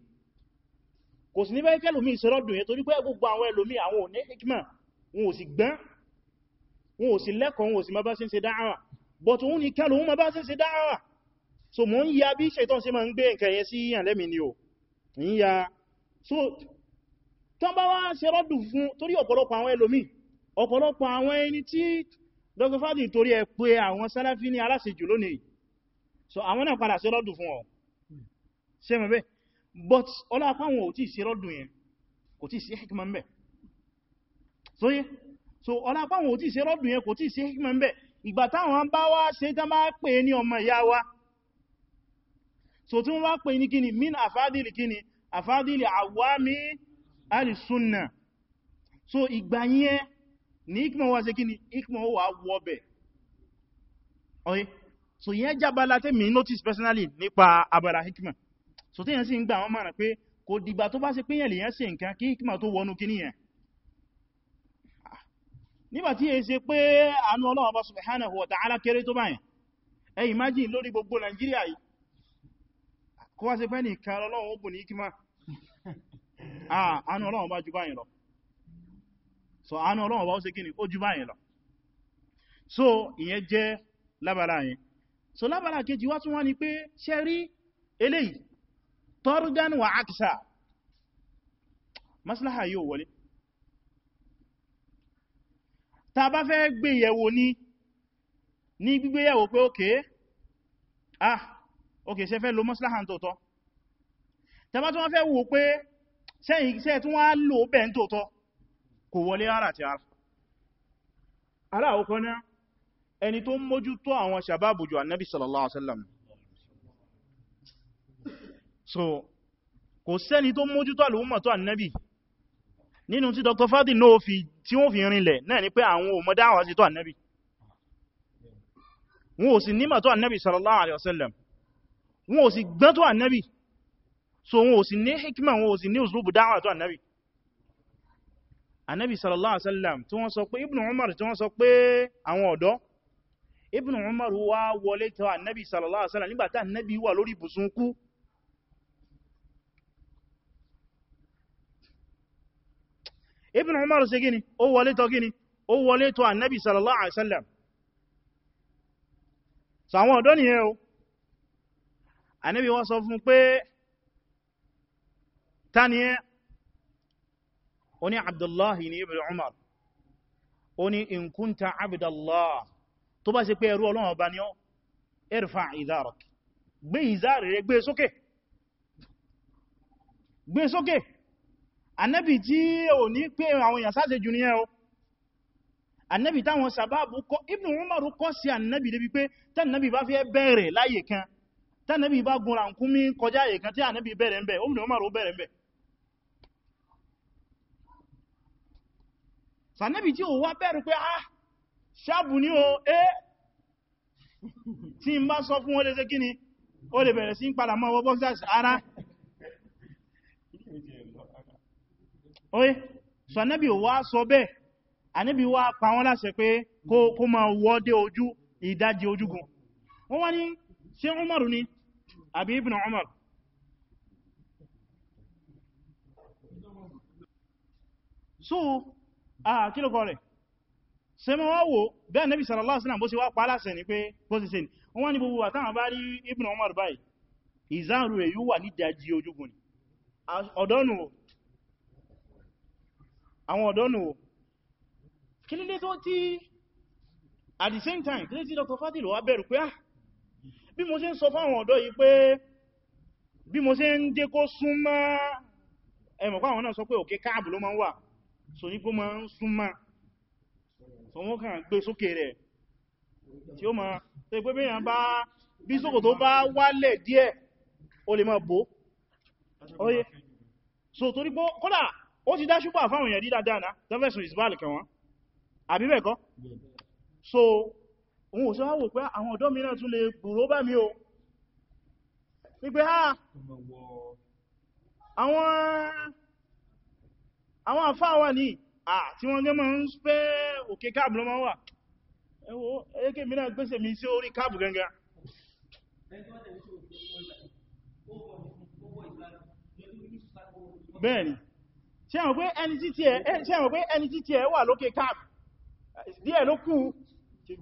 kò sí níbẹ̀ kẹ́lùmí ìṣẹ́rọ́dùn yẹn torí pé gbogbo àwọn ẹlòmí àwọn òní hikma wọn ò sì gbọ́n wọn ò sì lẹ́kọ̀ọ́ wọn ò sì ma bá sí ṣe dáhàwà but òun ni kẹ́lù wọn ma bá sí ṣe dáhàwà so mọ́ ń ya bí ṣètán sí ma ń gbé nǹkan yẹn sí yàn lẹ́mì ni o ń ya so tán bá wá ṣe rọ́dù fún torí ọ̀pọ̀lọpọ̀ àwọn ẹlòmí ọ̀pọ̀lọpọ̀ àwọn ẹni tí Dr. Fadi torí ẹ pé àwọn Salafi ní aláṣejù lónìí so àwọn náà padà ṣe rọ́dù fún ọ ṣe mọ̀ bẹ́ẹ̀ but ọlápáwọn ò tí ṣe rọ́dùn yẹn kò tí ṣe hikma bẹ̀ so yé so ọlápáwọn ò tí ṣe rọ́dùn yẹn kò tí ṣe hikma ń bẹ̀ ìgbà táwọn bá wá ṣe tán bá pè ní ọmọ ìyá wa so tí wọ́n wá pè ní kíni min àfádìlì kíni àfádìlì àwámi alìsúnnà so ìgbà yẹn ní hikma wá ṣe kíni hikma wà wọ́bẹ̀ ọyé so yẹn jábálá tẹ́mi notice personally nípa abala hikma so téèyàn sì ń gba àwọn mara pé kò dìgbà tó bá ṣe pé yẹn lèyàn ṣe nǹkan kí hikima tó wọnú kí nìyẹn nígbàtí èyí ṣe pé àánú Ọlọ́run bá subhanahu wa ta'ala kéré tó báyẹn ẹ imagine lórí gbogbo nigeria yìí kó wá ṣe pé nìkan Ọlọ́run ó bù ní o ah, àánú Ọlọ́run bá so àánú Ọlọ́run bá kí ni so eléyìí طردا وعكسا maslaha yóò wọlé ta bá fẹ́ gbéyẹ̀wò ní ní gbígbéyẹ̀wò pé òkè ah òkè ṣe fẹ́ maslaha tótọ́ ta bá tún wọ́n fẹ́ wò pé sẹ́yìn iṣẹ́ tún wá lò bẹ́ẹ̀ tótọ́ ara ti ara ara so kò sẹ́ni tó mójútó àlòmọ̀ tó ànábì nínú tí dr fadi náà fi tí wọ́n fi rinlẹ̀ náà ni pé àwọn òmọ dáwà sí tó ànábì wọn ò sì nímọ̀ tó ànábì sallallahu alaihi wasallam wọn ò sì gbọ́n tó ànábì so wọn ò sì ní hikima wọn ò sì ní uslubu dáwà ibn umar tí wọ́n sọ pé àwọn ọ̀dọ́ ibn umar wá wọlé tó ànábì sallallahu alaihi wasallam nígbà tá ànábì wà lórí ibùsùn kú ibn umar ṣe gini ó wọlé tọ̀ gini ó wọlé tọ̀ annabi sallallahu alaihi wasallam so àwọn ọ̀dọ́ nìyẹn o annabi wọ́n sọ fún pé taniye ó ní abdullahi ni ibn umar ó ní in kunta abdullah tó bá ṣe pé ẹrú Ọlọ́run ọba ni ọ́ irfa izarak gbé ìzárẹ̀ gbé e sókè gbé e sókè annabi tí ò ní pé àwọn èèyàn sáṣe jù níyẹn o annabi táwọn sàbábù kọ́ ibn umar kọ́ sí annabi débi pé tánàbí bá fẹ́ bẹ̀rẹ̀ láyè kan tánàbí bá gun ràkúnmí kọjá àyè kan tí annabi bẹ̀rẹ̀ ń bẹ̀ ibn umar bẹ̀rẹ̀ bẹ̀ sànàbí tí ó wá bẹ̀rẹ̀ pé ah ṣáàbù ní o eh tí n bá sọ fún ó lè ṣe kíni ó lè bẹ̀rẹ̀ sí ń padà mọ́ ọwọ́ bọ́ksás oye so anábì wá sọ bẹ́ẹ̀ anábì wá pa wọ́n láṣẹ pé kó ma wọ́dé ojú ìdájí ojúgun wọ́n wá ní ṣe umaru ni àbí ibn umar so a kílùkọ rẹ̀ ṣe ma wá wò bẹ́ẹ̀ anábì sallallahu alaihi wasallam bó ṣe wá pa láṣẹ ni pé bó ṣe ṣe ni wọ́n wá ní gbogbo àtàwọn bá rí ibn umar báyìí ìzáàrù rẹ̀ yóò wà ní ìdájí ojúgun ni ọ̀dọ́nù àwọn ọ̀dọ́nù o kí nílé tó tí at the same time kí ní tí Dr. Fadil wá bẹ̀rù pé ah bí mo ṣe ń sọ fáwọn ọ̀dọ́ yìí pé bí mo ṣe ń jẹ́ kó súnmọ́ ẹmọ̀kọ́ àwọn náà sọ pé òkè káàbù ló máa ń wà so ní kó máa ń súnmọ́ so wọ́n kàn gbé sókè rẹ̀ tí ó máa tó ipé bí yàn bá bí sókò tó bá wálẹ̀ díẹ̀ ó lè máa bò ó yé so torí pé kódà ó ti dá ṣúgbà fáwọn èèyàn dídá dáná tẹ́fẹ̀sùn ìsbáàlì kan wọn àbí bẹ́ẹ̀ kọ́ so òun ò sọ́wọ́ pé àwọn ọ̀dọ́ mìíràn tún lè gbùrò bá mi o ní pé ha àwọn àfáà wà ní à tí wọ́n jẹ́ máa ń pẹ́ òkè káàbù lọ máa wà ẹwọ́ ẹkẹ́ mìíràn gbẹ́sẹ̀ mi sí orí káàbù gangan bẹ́ẹ̀ni ṣé àwọn pé ẹni títí ẹ wà lókè káàp díẹ̀ ló kú tí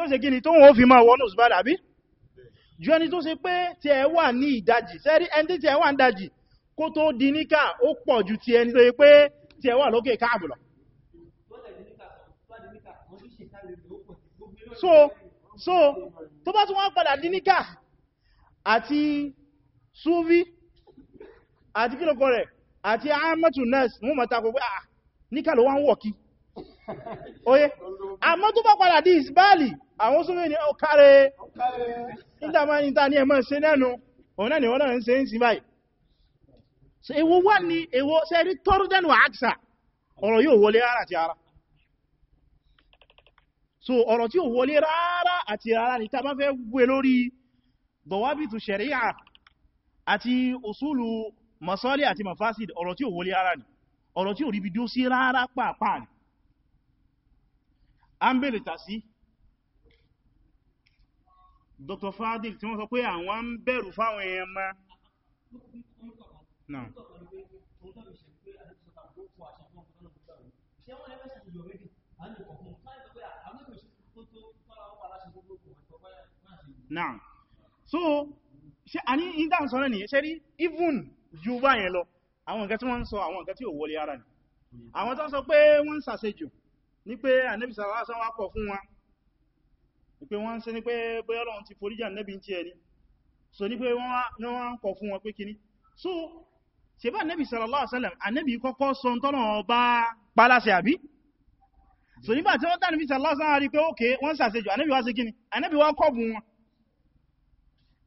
ó ṣe gíní tó wọ́n fi máa wọ́n lóòsù bára bí ju ẹni tó ṣe pé tí ẹ wà ní ìdájì sẹ́rí ẹni tí ẹ wà ń dájì kó tó di níkà ó pọ̀ ju ti ẹni tó ṣe pé tí ẹ wà lókè káàp lọ so so àti súfí àti rẹ̀ àti amatu nurse. mú mọ̀ tako pé àà ah, níkàlò wọ́n wọ̀ kí oye àmọ́ tó bá padà di ìsbáàlì àwọn súnmọ́ ni ó kárẹ ìdámáyíta ní ẹmọ́ ṣe nẹ́nu òun náà ni wọ́n náà ń ṣe ń sí báyìí so èwo wà ní èwo sẹ́rí tọ́rọ̀dẹ́nu àkṣà ọ̀rọ̀ yóò wọlé rárá àti ara so ọ̀rọ̀ tí ó wọlé rárá ara ní ta bá fẹ́ gbé lórí dọ̀wábìtù ṣẹ̀ríyà àti masọ́lì àti mafasid ọ̀rọ̀ tí ò wọlé ara ni ọ̀rọ̀ tí ò rí bí dó sí rárá pàápàá ni a ń bèèrè tà sí Dr. Fadil tí wọ́n sọ pé àwọn ń bẹ̀rù fáwọn èèyàn ma náà náà so ṣe a ní ìdáhùn sọ́rọ̀ nìyẹn ṣe rí even ju báyẹn lọ àwọn nǹkan tí wọ́n ń sọ àwọn nǹkan tí ò wọlé ara ni hmm. àwọn tó sọ pé wọ́n ń sàṣejù ní pé ànẹ́bì sàrásán wá kọ̀ fún wa ní pé wọ́n ń ṣe ní pé bóyá Ọlọ́run ti foríjì ànẹ́bì ń tí ẹni so ní pé wọ́n wá ń kọ̀ fún wọn pé kíní so ṣe bá ànẹ́bì sallallahu alaihi wasallam ànẹ́bì kọ́kọ́ sọ tọ́nà ọba paláṣẹ àbí so nígbà tí wọ́n tánàbì sallallahu alaihi wasallam rí pé ókè wọ́n sàṣejù ànẹ́bì wá ṣe kíní ànẹ́bì wá kọ́ bù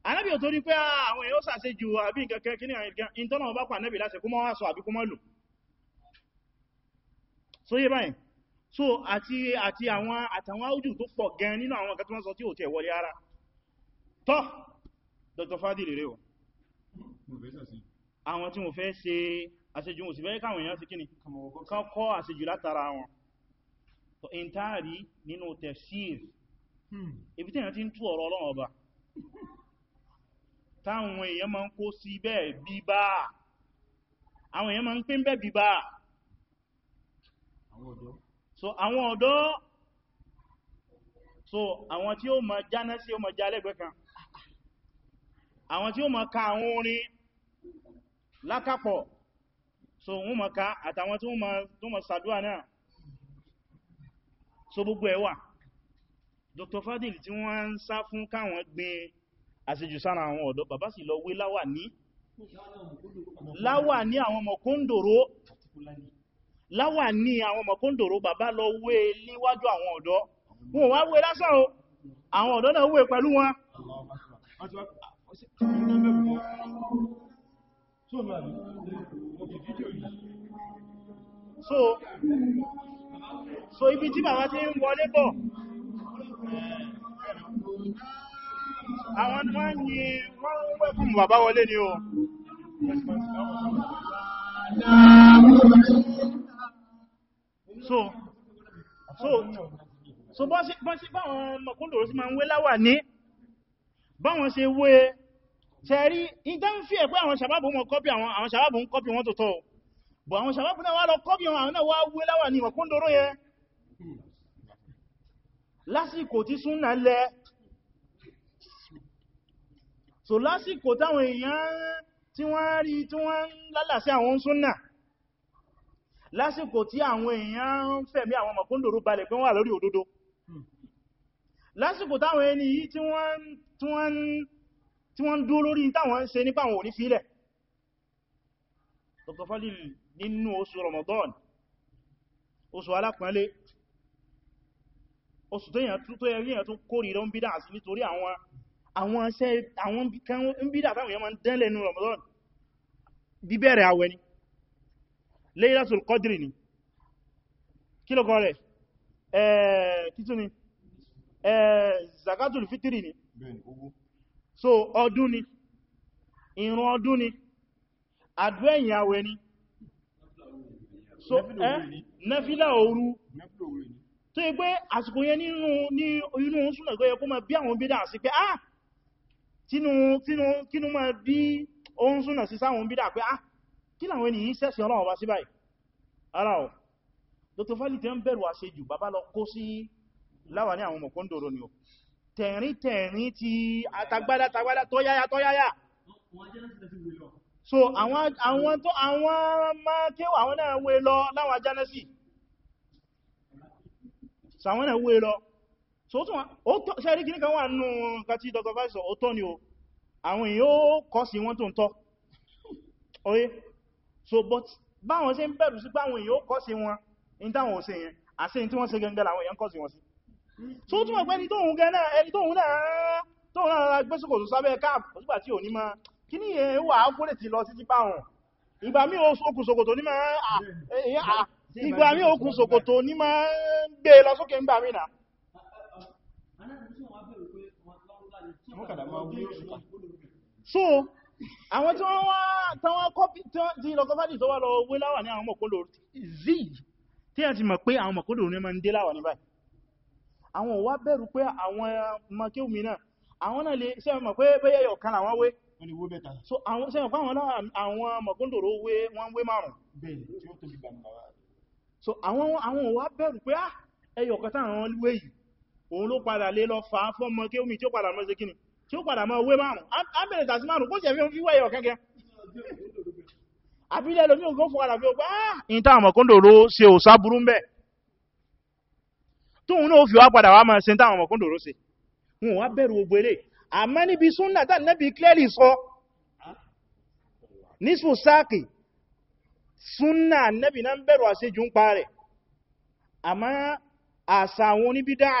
anábì ò tó ní pé ah, àwọn èèyàn sàṣe jù àbí nǹkan kíní ìtọ́nà ọba pa anábì láti kúmọ́ wá àbí kúmọ́ lò so yé báyìí so àti àti àwọn àtàwọn áújù tó pọ̀ gan nínú àwọn nǹkan tó wọ́n sọ tí ò tẹ̀ wọlé ara tọ́ Dr. Fadil rẹ̀ o àwọn mo fẹ́ mo sì fẹ́ káwọn èèyàn sí kíni kan kọ́ àṣejù látara wọn tó in táàrí nínú tafsir hmm. ibi tí èèyàn táwọn èèyàn máa ń kó sí bẹ́ẹ̀ bíbá àwọn èèyàn máa ń pín bẹ́ẹ̀ bíbá so àwọn ọ̀dọ́ so àwọn tí ó ma jáná sí ó ma já lẹ́gbẹ́ kan àwọn tí ó ma ka àwọn orin lákàpọ̀ so wọ́n ma ka àtàwọn tí wọ́n ma sàdúwà náà so gbogbo ẹ̀ Dr. Fadil tí wọ́n ń sá fún káwọn gbin àṣejù sára àwọn ọ̀dọ́ bàbá sì lọ wé láwà ní láwà ní àwọn mọ̀kóndòrò láwà ní àwọn mọ̀kóndòrò bàbá lọ wé níwájú àwọn ọ̀dọ́ wọn wá wé lásán o àwọn ọ̀dọ́ náà wé pẹ̀lú wọn so so ibi tí bàbá ti ń wọlé bọ̀ àwọn wọ́n ní wọ́n wẹ́ fún bàbá wọlé ni o so so so bọ́n sí báwọn mọ̀kúndòrò sí ma ń wé láwà ní báwọn se wé tẹ́rí ìdá ń fi ẹ̀pẹ́ àwọn sàbábù mọ̀ kọ́pì àwọn sàbábù ń kọ́pì wọn tó tọ́ bọ̀ àwọn sàbábù náà wá lọ kọ́pì wọn àwọn náà wá wé láwà ní mọ̀kúndòrò yẹ lásìkò tí súnnà lẹ́ so lásìkò táwọn èèyàn tí wọ́n rí tí wọ́n lálàsí àwọn súnnà lásìkò tí àwọn èèyàn ń fẹ̀mí àwọn mọ̀kúndòrò balẹ̀ pé wọ́n wà lórí òdodo lásìkò táwọn ẹni yìí tí wọ́n ń dúró lórí táwọn ń ṣe nípa àwọn òní fílẹ̀ Dr. Fadil nínú oṣù Ramadan oṣù alápọ̀nlé oṣù tó yẹn tó kórìíra ń àwọn iṣẹ́ àwọn kan ń bídà táwọn èèyàn máa ń dán lẹ́nu Ramadan bíbẹ̀rẹ̀ àwẹ̀ ni Laylatul Qadri ni kí ló kọ́ rẹ̀ títún ni zakatul fitri ni so ọdún ni ìrun ọdún ni àdú ni so ẹ́ nẹ́fílà òru tó yí pé àsìkò yẹn nínú oṣù náà gbẹ́yẹ kó máa ah kínú máa bí oun súnà sí sáwọn bídá pé ah kí làwọn ènìyàn sẹ́sì ọlọ́wọ́ bá sí báyìí ara ọ̀ dr falite ń bẹ̀rù àṣejù bàbá lọ kó sí láwà ní àwọn mọ̀kóndòrò ni ó tẹ̀rín tẹ̀rín ti àtagbádá tagbádá tó so ó tún wá ó tọ́ sẹ́rí kìíní kan wà nù nǹkan tí dr vice ó tọ́ ni o àwọn èèyàn ó kọ́ sí wọ́n tó so but báwọn ṣe ń bẹ̀rù sí báwọn èèyàn ó kọ́ sí wọn in táwọn ò ṣe yẹn àṣẹ tí wọ́n ṣe gẹ́gẹ́ àwọn èèyàn kọ́ sí wọn so ó tún wọ́n pẹ́ ni tóhun gẹ́ náà ẹni tóhun náà tóhun náà gbésòkòtò sábẹ́ káàpù sígbà tí ò ní ìgbà mí okùn ṣòkòtò ní máa ń gbé lọ sókè ń gbà mí náà so àwọn tí wọ́n wá tàwọn kọ́pì tí lọ́kọ́fàdì tó wá lọ wé láwà ní àwọn mọ̀kólò z tí a ti mọ̀ pé àwọn mọ̀kólò ní ma ń dé láwà ní báyìí àwọn wá bẹ̀rù pé àwọn makéwùmí náà àwọn náà lè ṣe mọ̀ pé bẹ́yẹ̀ yọ̀ àwọn wé òun ló padà lé lọ fàá fọ́mọ kí omi tí ó padà mọ́ sí kíni tí ó padà mọ́ owó márùn ábẹ̀rẹ̀ tàbí márùn kó jẹ́ fi wẹ́yọ̀ kẹ́kẹ́ àbílẹ̀ lómi ògó fún ara fi ó gbá ìta àmọ̀ kóndòrò ṣe ò sáburú ń bẹ̀ tóun náà fi wá padà wá máa ṣe táwọn ọmọ kóndòrò ṣe wọn wá bẹ̀rù gbogbo eré àmọ́ níbi súnnà tá nẹ́bi clearly sọ nísù sáàkì súnnà nẹ́bi náà bẹ̀rù àwọn oníbídáà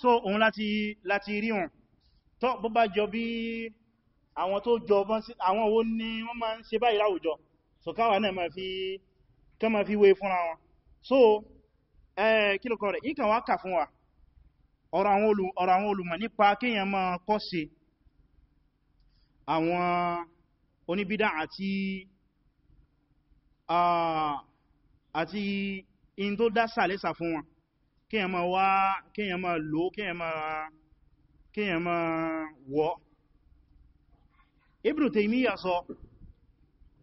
so òun láti láti rí wọn tó bó bá jọ bí àwọn tó jọ àwọn owó ní wọ́n máa ń ṣe báyìí láwùjọ so káwà náà ma fi kẹ́ ma fi wé e fúnra wọn so kílùkọ rẹ̀ ìkàn wá kà fún wa ọ̀rọ̀ àwọn olùmọ̀ nípa kíyàn máa kọ́ sí àwọn oníbídá àti àti in tó dá sàlẹ́sà fún wọn kíyàn máa wá kíyàn máa lò kíyàn máa wọ́ Ibn Taymiyyah sọ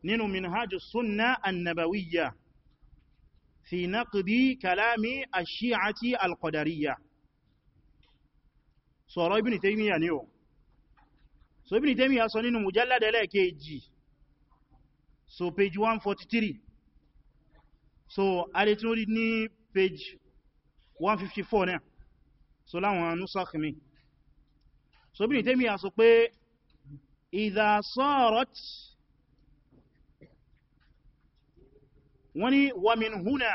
nínú minhajus sunna annabawiyya fi naqdi kalami ash-shi'ati al-qadariyya sọ̀rọ̀ Ibn Taymiyyah ni o so Ibn Taymiyyah sọ nínú mujallad ẹlẹ́kejì so page 143 so a lè tún ní page 154 náà so láwọn nusakh mi so bí ní tẹ́mí a sọ pé idha sarat wọ́n ni wa min huna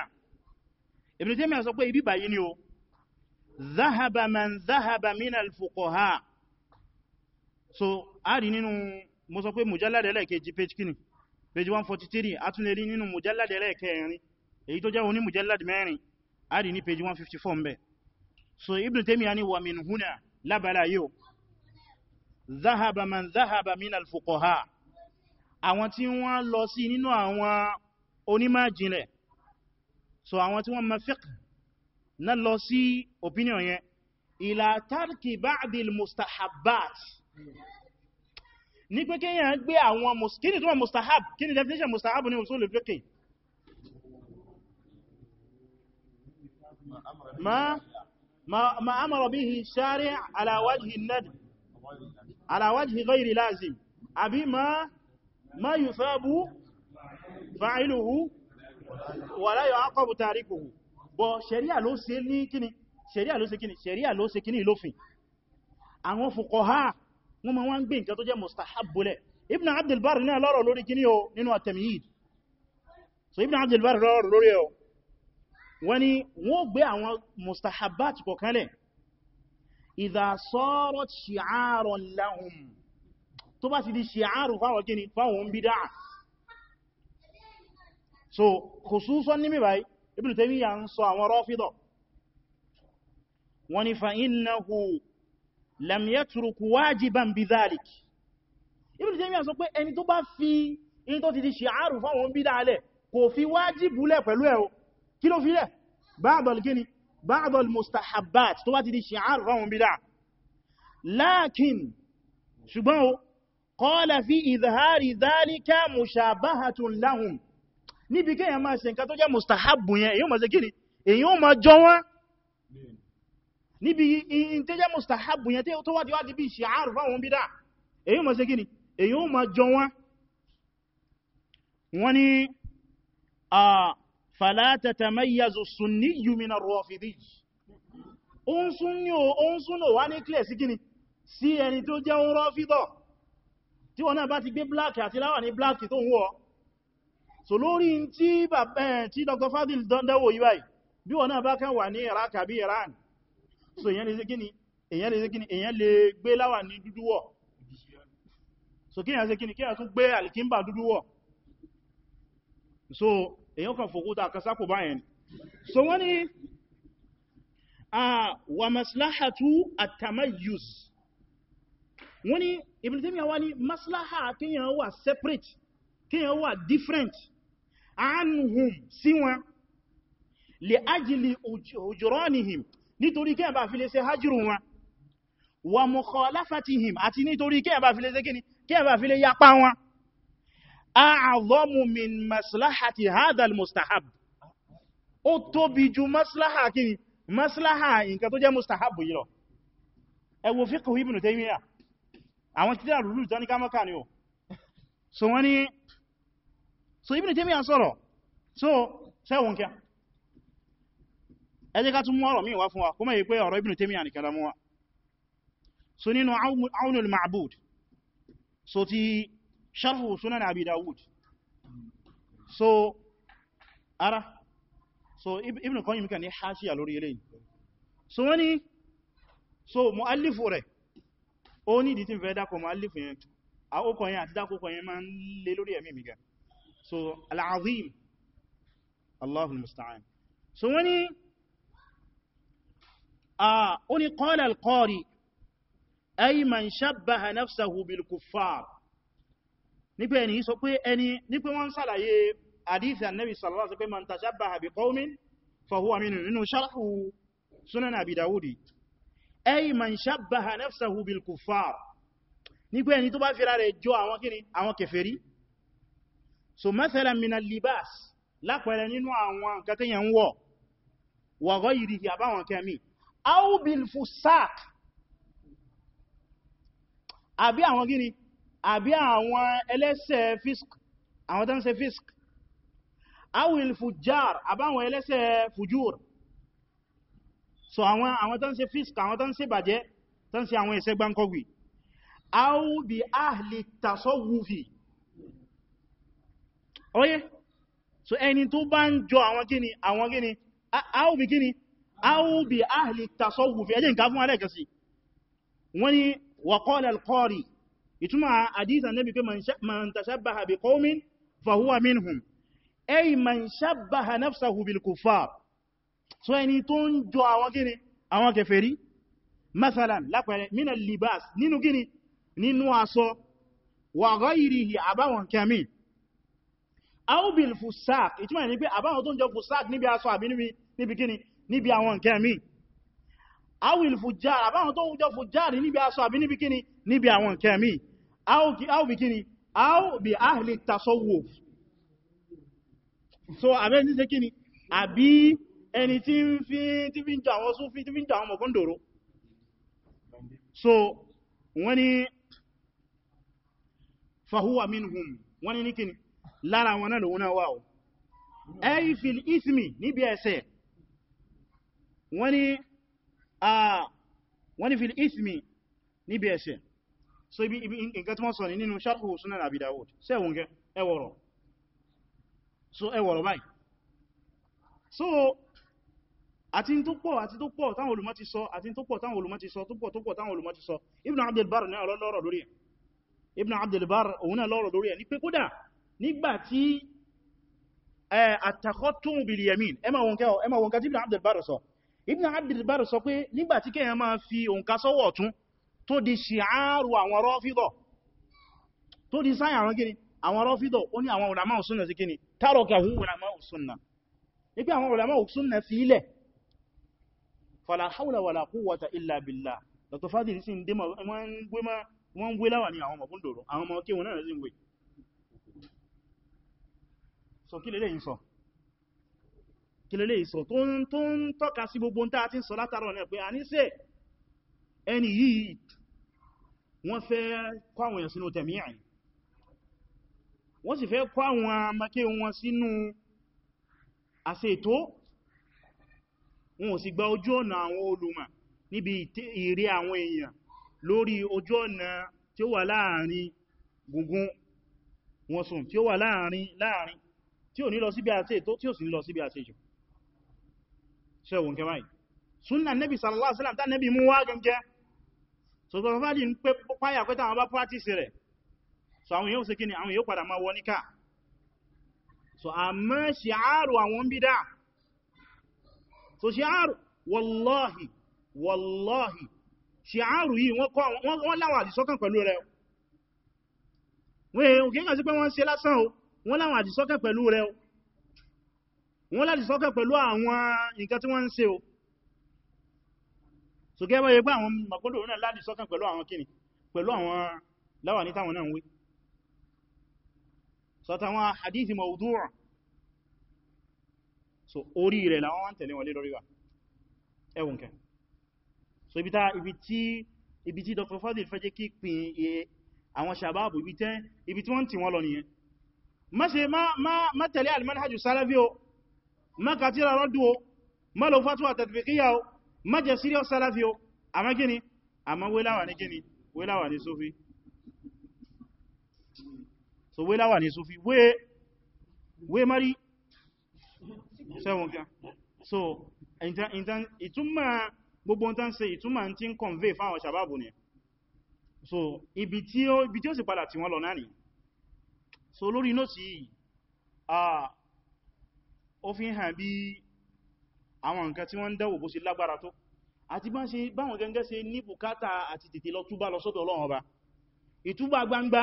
Ibn Taymiyyah sọ pé ibi báyìí ni o zahaba man zahaba min al-fuqaha so a rí nínú mo sọ pé mujallad ẹlẹ́ẹ̀kejì page kini page 143 a tún lè rí nínú mujallad ẹlẹ́ẹ̀kẹrin èyí tó jẹ́ oní mujallad mẹ́rin a rí page 154 mbẹ̀ so ibn taymiya ni wa min huna labala yóò zahaba man zahaba min alfuqaha àwọn tí wọ́n lọ sí nínú àwọn onímọ̀ jìnlẹ̀ so àwọn tí wọ́n ma fiqh na lọ sí opinion yẹn ila tarki ba'dil mustahabbat ní pé kíyàn gbé àwọn kíni tó wọ́n mustahab kíni definition mustahab ní usul al-fiqh ما ما ما امر به الشارع على وجه الندب على وجه غير لازم ابي ما ما يثاب فاعله ولا يعاقب تاركه bọ̀ ṣẹ̀ríà ló ṣe ní kíni ṣẹ̀ríà ló Sharia kíni ṣẹ̀ríà ló ṣe kíni ìlófin àwọn fuqaha wọ́n ma wá ń gbé nǹkan tó jẹ́ mustahabbule ibn abdulbar ní alọ́rọ̀ lórí kíni o nínú at so ibn abdulbar lọ́rọ̀ lórí ẹ̀ wọ́n ni wọ́n gbé àwọn mustahabbat kọ̀kanlẹ̀ idha sarat shi'aran lahum tó bá ti di shi'aru fáwọn kíni fáwọn bídá so khususan ní mìbáyí Ibn Taymiyyah ń sọ àwọn Rāfidah wọ́n ni fa innahu lam yatruk wajiban bidhalik Ibn Taymiyyah sọ pé ẹni tó bá fi in tó ti di shi'aru fáwọn bídá alẹ̀ kò fi wájìbù lẹ̀ pẹ̀lú ẹ̀ o kí ló fi lẹ̀ báàdọ̀l gíní báàdọ̀l mustahabbat tó wá ti di shi'ar ráhùn bídá lákin ṣùgbọ́n o qala fi ìzàhárì dhalika mushabahatun lahum níbi kí èyàn máa ṣe nǹkan tó jẹ́ mustahabbu yẹn èyàn máa ṣe gíní èyàn máa jọ wọ́n níbi in tó jẹ́ mustahabbu yẹn tó wá ti bí shi'ar ráhùn bídá èyàn máa ṣe gíní èyàn máa jọ wọ́n wọ́n ni fala tatamayyazu sunniyyu min ar-rafidi on sunni on sunno wà ní clear sí kíni sí ẹni tó jẹ́ on rafido tí wọ́n náà bá ti gbé black àti láwà ní black tó ń wọ̀ so lórí tí Dr. Fadil dandawo yìí báyìí bí wọ́n náà bá kàn wà ní Iraq àbí Iran so èyàn lè ṣe kíni èyàn lè ṣe kíni èyàn lè gbé láwà ní dúdú so kíyàn ṣe kíni kíyàn tún alikimba dúdú wọ̀ so èyàn kan fòkúta kasápò báyẹn so wọ́n ni a wà maslahatu at-tamayyuz wọ́n ni Ibn Taymiyyah wá maslaha kíyàn wà separate kíyàn wà different anhum sí wọn li ajli ujranihim nítorí kíyàn bá fi lè hajjúrù wọn wa mukhalafatihim àti nítorí kíyàn bá fi lè ṣe kíyàn bá fi lè yapa wọn a'adhamu min maslahati hadha al-mustahab ó tóbi ju maslaha kíni maslaha nǹkan tó jẹ́ mustahab yìí lọ ẹ wo fiqh Ibn Taymiyyah àwọn tí dára rúrù tán ní kámọ́ká ni ó so wọ́n ni so Ibn Taymiyyah sọ̀rọ̀ so sẹ́wọ̀n kí ẹ jẹ́ ká tún mú ọ̀rọ̀ míì wá fún wa kó mẹ́ so ti sharhu sunan abi dawud so ara so ibn qayyim kan ní hashiya lórí eléyìí so wani so muallifu rẹ̀ ó ní di tin fẹ́ dako muallifu yẹn a o ko yẹn àti dako ko yẹn ma ń lé lórí mi gan so al'azim allahul musta'an so wani a ó ní qala al-qari ay man shabbaha nafsahu bil kuffar nípe ẹni sọ pé ẹni nípe wọ́n sàlàyé àdífẹ́ annabi sallallahu alaihi wasallam man tashabbaha bi qaumin fahuwa minhum nínú sharhu sunan abi dawudi ay man shabbaha nafsahu bil kuffar nípe ẹni tó bá fira rẹ̀ jọ àwọn kíni àwọn kèfèrí so mathalan min al-libas lápẹẹrẹ nínú àwọn nǹkan tí yẹn wọ̀ wa ghayrihi àbáwọn kẹmí àbí àwọn ẹlẹ́ṣẹ̀ fisk àwọn tán ṣe fisk awil fujar àbáwọn ẹlẹ́ṣẹ̀ fujur so àwọn àwọn tán ṣe fisk àwọn tán ṣe bàjẹ́ tán ṣe àwọn ẹ̀ṣẹ̀ gbáǹkọ́gbì aw bi ahli tasawufi oye so ẹni tó bá ń jọ àwọn gíní àwọn gíní aw bi gíní aw bi ahli tasawufi ẹjẹ́ nǹkan fún alẹ́kẹsí wọ́n ni wa qala ìtumọ̀ àdíza nẹ́bí pé man tashabbaha bi qawmin fahuwa minhum ay man shabbaha nafsahu bil kuffar so ẹni tó ń jọ àwọn gíní àwọn kèfèrí masalan lápẹẹrẹ minal libas nínú gíní nínú aṣọ wa ghayrihi àbáwọn kẹmí aw bil fusaq ìtumọ̀ ní pé àbáwọn tó ń jọ fusaq níbi aṣọ àbí níbi gíní níbi àwọn kẹmí aw il fujjar àbáwọn tó ń jọ áò bí kíni áò bí áhìlì tasawuf so abẹ́ ní ṣe kíni àbí ẹni tí ń fi tí fi ń jà àwọn súnfí tí fi ń jà àwọn mọ̀kúndòrò so wọ́n ni fahuwa minhum wọ́n ni ní kíni lára wọn náà lòun náà wà ó ẹ̀yí fil ismi níbi ẹ̀ṣẹ̀ wọ́n ni ah, fil ismi níbi ẹ̀ṣẹ̀ so ibi ibi nǹkan tí wọ́n sọ ní nínú sharhu sunan abi dawud ṣe wọ́n gẹ́ ẹwọ̀rọ̀ so ẹwọ̀rọ̀ báyìí so àti tó pọ̀ àti tó pọ̀ táwọn olùmọ̀ ti sọ àti tó pọ̀ táwọn olùmọ̀ ti sọ tó pọ̀ tó pọ̀ táwọn olùmọ̀ ti sọ ibn abdul bar ní ọlọ́rọ̀ lórí ẹ̀ ibn abdul bar òun náà lọ́rọ̀ lórí ẹ̀ ní pé kódà nígbà tí àtàkọ́tún bil yamin ẹ máa wọn ká tí ibn abdul bar sọ ibn abdul bar sọ pé nígbà tí kẹ́yàn máa fi òǹkà sọ́wọ́ ọ̀tún tó di ṣìáàrù àwọn rọ́fídọ̀ tó di sáyà àwọn gíní àwọn rọ́fídọ̀ ó ní àwọn ulama òsúnnà sí gíní tárọkà hún ulama òsúnnà ní pé àwọn ulama òsúnnà fi ilẹ̀ fala hawla wala quwwata illa billah dr fadil sí wọ́n gbé láwà ní àwọn ọmọ kúndòrò àwọn ọmọ kéwọn náà sí ń gbé so tó ń tọ́ka sí gbogbo ń tàà tí ń sọ látàrọ náà pé a ní sẹ́ẹ̀ ẹni yìí wọ́n fẹ́ kọ́ àwọn èèyàn sínú tẹ̀mí àyìn wọ́n sì fẹ́ kọ́ àwọn amáké wọn sínú àṣẹ ètò wọn ò sì gba ojú ọ̀nà àwọn olùmọ̀ níbi ìrí àwọn èèyàn lórí ojú ọ̀nà tí ó wà láàrin gungun wọn sùn tí ó wà láàrin láàrin tí ò ní lọ síbi àṣẹ ètò tí ò sì ní lọ síbi àṣẹ jù ṣẹ́wọ̀n kẹwàá yìí súnnà nẹ́bì sallallahu alaihi wasallam tá nẹ́bì mú wá gẹ́gẹ́ so gbọ́n fàdí ń pé páyà pé táwọn bá practice rẹ̀ so àwọn yóò ṣe kí ni àwọn yóò padà máa wọ níkà so àmọ́ ṣíàrù àwọn bídá so ṣíàrù wallahi wallahi ṣíàrù yìí wọ́n láwọn àdìsọ́kàn pẹ̀lú rẹ̀ wọ́n èyàn kìí kà sí pé wọ́n ṣe lásán o wọ́n láwọn àdìsọ́kàn pẹ̀lú rẹ̀ o wọ́n láti sọ́kàn pẹ̀lú àwọn nǹkan tí wọ́n ń ṣe o so gẹ́gẹ́ báyẹ pé àwọn makodo náà láti sọ́kàn pẹ̀lú àwọn kíni pẹ̀lú àwọn láwà ní táwọn náà ń wé so táwọn hadithi mawdu'a so orí rẹ̀ làwọn wọ́n tẹ̀lé wọlé lórí wa ẹwùn kẹ so ibi tí ibi tí Dr. Fadil fẹ́ jẹ́ kí pin àwọn sàbáàbù ibi tí wọ́n tì wọ́n lọ nìyẹn má ṣe má tẹ̀lé al-manhaj má jẹ́ serious salafi o àmọ́ gíní àmọ́ wéláwà ní gíní wéláwà ní sufi so wéláwà ní sufi wé wé mari sẹ́wọ̀n kí so ìtúnmà gbogbo tán ṣe ìtúnmà tí ń convey fáwọn sàbábù ni so ibi tí ó ibi tí sì padà tí wọ́n lọ náà ni so lórí nóòtì yìí ah, ó àwọn nǹkan tí wọ́n ń dẹ́wò bó ṣe lágbára tó àti bá ṣe báwọn gẹ́gẹ́ ṣe ní bùkátà àti tètè lọ túbá lọ sọ́dọ̀ Ọlọ́run Ọba ìtúbà gbangba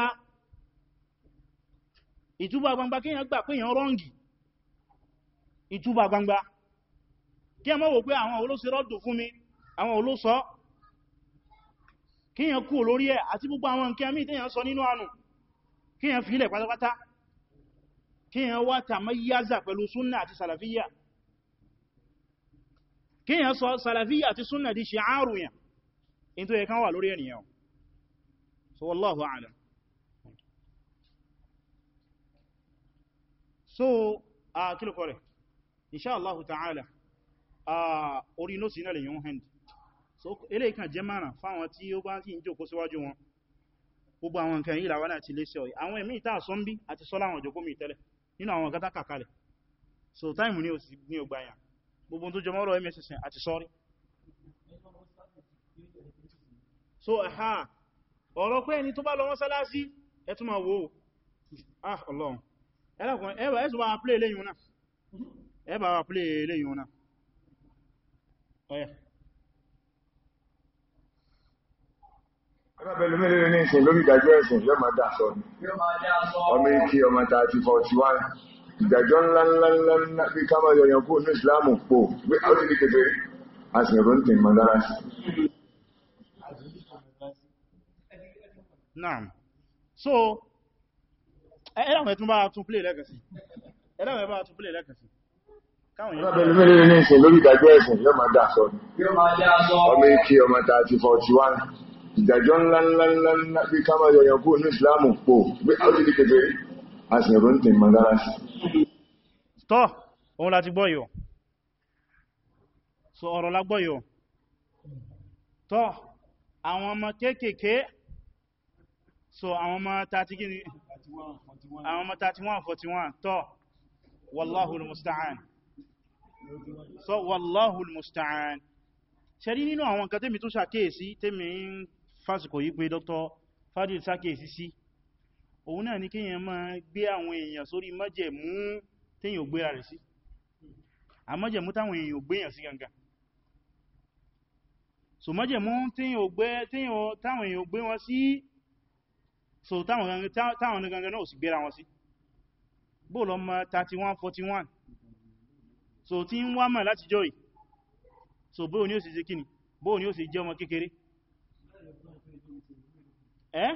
ìtúbà gbangba kéèyàn gbà pé èèyàn rọ́ǹgì ìtúbà gbangba kí a mọ́ wò pé àwọn olóṣe rọ́dù fún mi àwọn olóṣọ́ kíyàn kú lórí ẹ̀ àti gbogbo àwọn nǹkan mí tíyàn sọ nínú àánú kíyàn fílẹ̀ pátápátá kíyàn wá tàmáyázà pẹ̀lú súnnà àti sàlàfíyà kíyàn sọ sàlàfíyà àti súnnà di ṣi'áru yàn in tó yẹ kan wà lórí ènìyàn so wallahu a'lam so a kílùkọ́ rẹ̀ insha Allahu ta'ala a orí ló sí nílẹ̀ yóò hand so ilé ikan jẹ mara fáwọn tí ó bá sí ìjókòó síwájú wọn gbogbo àwọn nǹkan yìí làwọn àti lè ṣe àwọn ẹ̀mí ìta àsọ́nbí àti sọ́lá àwọn ìjókòó mi tẹ́lẹ̀ nínú àwọn kátàkàkalẹ̀ so táìmù ní òsì ní ọgbà yàn gbogbo tó jọmọ́ ọ̀rọ̀ mss àti sọ́rí so ẹ̀há ọ̀rọ̀ pé ẹni tó bá lọ mọ́sálásí ẹ tún máa ah ọlọ́run ẹlẹ́kùn ẹbà ẹ̀sùn bá play lẹ́yìn náà ẹbà wà play lẹ́yìn náà ọ̀yẹ́ ìdájọ́ ńláńláńlá bí ká yọyàn kú ní ìsìláàmù pò pé ó ti di kékeré a sì dára sí. Naam. So, ẹ̀rọ ẹ̀tún bá tún plé lẹ́kẹ̀ẹ́sì. Ẹ̀rọ ẹ̀tún bá tún plé lẹ́kẹ̀ẹ́sì. Ọlọ́bẹ̀lú mẹ́rin ní ìsìn lórí ìdájọ́ ẹ̀sìn yóò máa dá sọ. Ọmọ ikí ọmọ 3041, ìdájọ́ ńláńláńlá bí ká máa yọyàn kú ní ìsìláàmù pò pé ó ti di kékeré a sì rò ní tèmọ̀ dára sí tọ́ òun láti gbọ́ yóò so ọ̀rọ̀ lágbọ́ yóò tọ́ àwọn ọmọ kéèkèé so àwọn ọmọ 31 àwọn ọmọ 31 41 tọ́ wallahul musta'an so wallahul musta'an ṣẹ́rí nínú àwọn nǹkan tẹ́mi tó ṣàkíyèsí tẹ́mi ń fásikò yí pé Dr. Fadil ṣàkíyèsí sí òun náà ni kíyàn máa gbé àwọn èèyàn sórí májẹ̀mú téèyàn gbéra rẹ̀ sí àmájẹ̀mú táwọn èèyàn gbéyàn sí gangan so májẹ̀mú téèyàn gbé táwọn èèyàn gbé wọn sí so táwọn gangan náà sì gbéra wọn sí bóòlọ ma 31 41 so tí ń wá mà láti jọ́ yìí so bóò ni ó sì ṣe kíni bóò ni ó sì jẹ́ ọmọ kékeré eh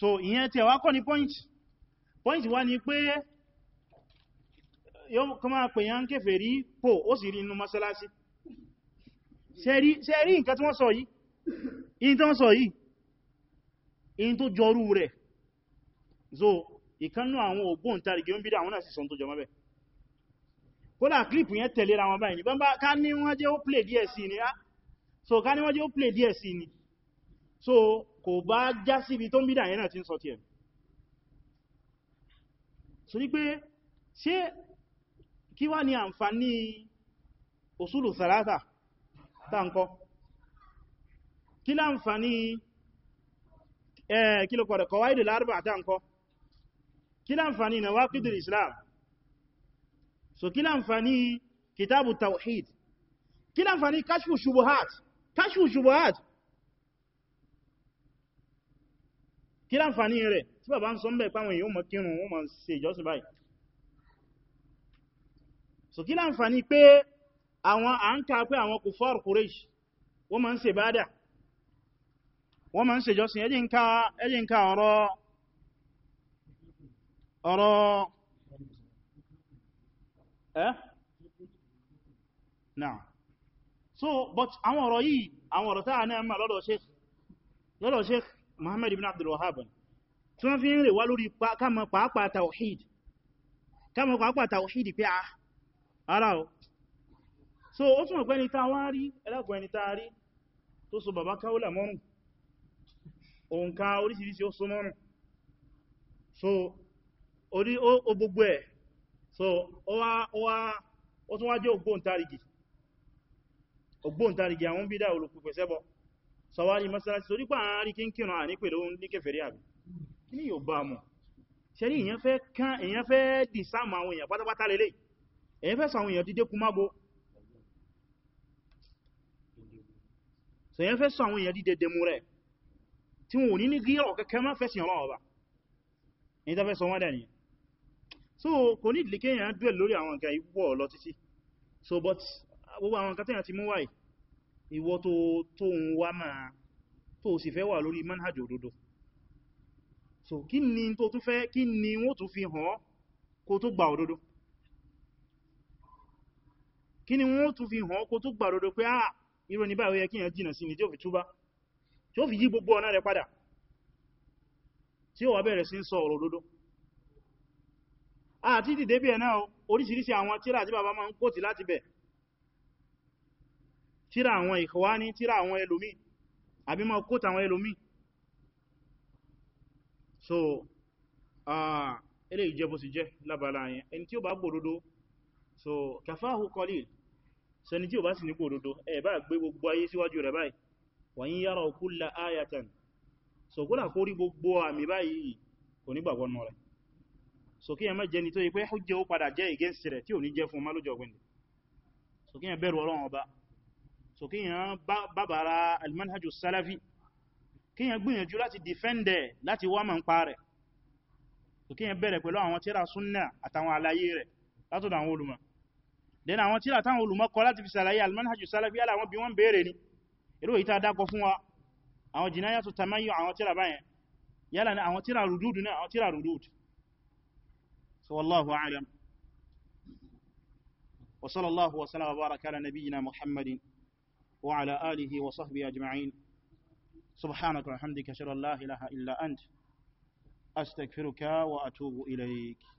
so ìyẹn tí ẹwà kọ́ ni point point wá ni pé yóò kọ́ máa pè yá ń kéfè rí pò ó sì rí inú mọ́sálásí ṣe rí nǹkan tí wọ́n sọ yìí in tó ń sọ yìí in tó jọrú rẹ̀ so ìkannú àwọn ògbóǹtarìgì ń bídá àwọn náà tó jọmọ́ bẹ̀ kódà yẹn tẹ̀lera wọn báyìí ní bá ká ní wọ́n jẹ́ ó play so ká ní wọ́n jẹ́ díẹ̀ sí ni so kò bá já síbi tó ń bídà yẹn náà ti ń sọ tiẹ̀ so ní pé ṣé kí wá ní àǹfàní òsúlù sàlátà táǹkọ́ kí láǹfàní ẹ̀ kí ló kọ̀dọ̀ kọ̀wáìdì lárùbà táǹkọ́ kí láǹfàní na wákìdìrì islam so kí láǹfàní kitabu tawhid kí láǹfàní kashfu shubuhat kashfu shubuhat kí láǹfààní rẹ̀ tí bàbá ń sọ ń bẹ̀ èèyàn mọ̀ kírun wọ́n mọ̀ ìjọsìn báyìí so kí láǹfààní pé àwọn à ń ka pé àwọn kufar Quraysh wọ́n mọ̀ ń ṣe wọ́n mọ̀ ń ìjọsìn ẹjì ọ̀rọ̀ ẹ́ but Muhammad ibn Abdul Wahhab tí wọ́n fi ń rẹ̀ wá lórí káàmà pàápàá tawhid káàmà pàápàá tawhid pé a ah, ara o so ó túnmọ̀ pẹ́ni ta wá rí ẹlẹ́kùn ẹni ta rí tó so bàbá káúlà mọ́rùn òǹkà oríṣìíríṣìí ó so so orí ó gbogbo ẹ̀ so ó tún wá jẹ́ sọwárí masalasi torí pà àárín kínkínà ní pẹ̀lú ní kèfèrí àbí kí ni yóò bá mọ̀ ṣe ní èyàn fẹ́ dì sáàmù àwọn èyàn pátápátá lélẹ̀ èyàn fẹ́ sàwọn èyàn dídé kú mágo so èyàn fẹ́ sàwọn èyàn dídé dẹmú rẹ̀ tí wọn ò ní ní gírọ̀ so kò ní ìdílé kéèyàn dúẹ̀ lórí àwọn nǹkan so but gbogbo àwọn nǹkan tẹ́yàn ti mú ìwọ tó tó ń wá máa tó sì fẹ́ wà lórí manhaj òdodo so kí ni tó tún fẹ́ kí ni wọ́n tún fi hàn kó tó gba òdodo kí ni wọ́n tún fi hàn kó tó gba òdodo pé ah irú ní báyìí ó yẹ kí èèyàn jìnà sí ni tí ó fi túbá tí ó fi yí gbogbo ọ̀nà rẹ̀ padà tí ó wà bẹ̀rẹ̀ sí ń sọ ọ̀rọ̀ òdodo àti dìde bí ẹ̀ náà oríṣiríṣi àwọn tíra tí bàbá máa ń kóòtì láti bẹ̀ tíra àwọn Ikhwani tíra àwọn ẹlòmí àbí mọ́ kóta àwọn ẹlòmí so ilé ìjẹbó sì jẹ́ lábàlá yẹn ẹni tí ó bá gbòdodo so kafahu qalil so ẹni tí ó bá sì ní gbòdodo ẹ bá gbé gbogbo ayé síwájú rẹ̀ báyìí wa in yaraw kulla ayatan so kúlà kórí gbogbo àmì báyìí kò ní gbàgbọ́ so kí ẹ má jẹni tó yí pé against rẹ̀ tí ò ní jẹ́ so kí ẹ bẹ̀rù so kíyàn bàbára almanhajjú salafi kíyàn gbìyànjú láti dìfẹ́ndẹ̀ láti wá ma ń pa rẹ̀ so kíyàn bẹ̀rẹ̀ pẹ̀lú àwọn tíra súnnà àtàwọn àlàyé rẹ̀ látọ̀dọ̀ àwọn olùmọ̀ den àwọn tíra táwọn olùmọ̀ kọ láti fi sàlàyé almanhajjú salafi yálà àwọn bí wọ́n béèrè ni irú ìta dákọ fún wa àwọn jìnnáyà tó tamayọ àwọn tíra báyẹn yálà ni àwọn tíra rùdúdù náà àwọn tíra rùdúdù so wallahu a'lam وعلى آله وصحبه أجمعين سبحانك وحمدك شر الله إله إلا أنت أستغفرك وأتوب إليك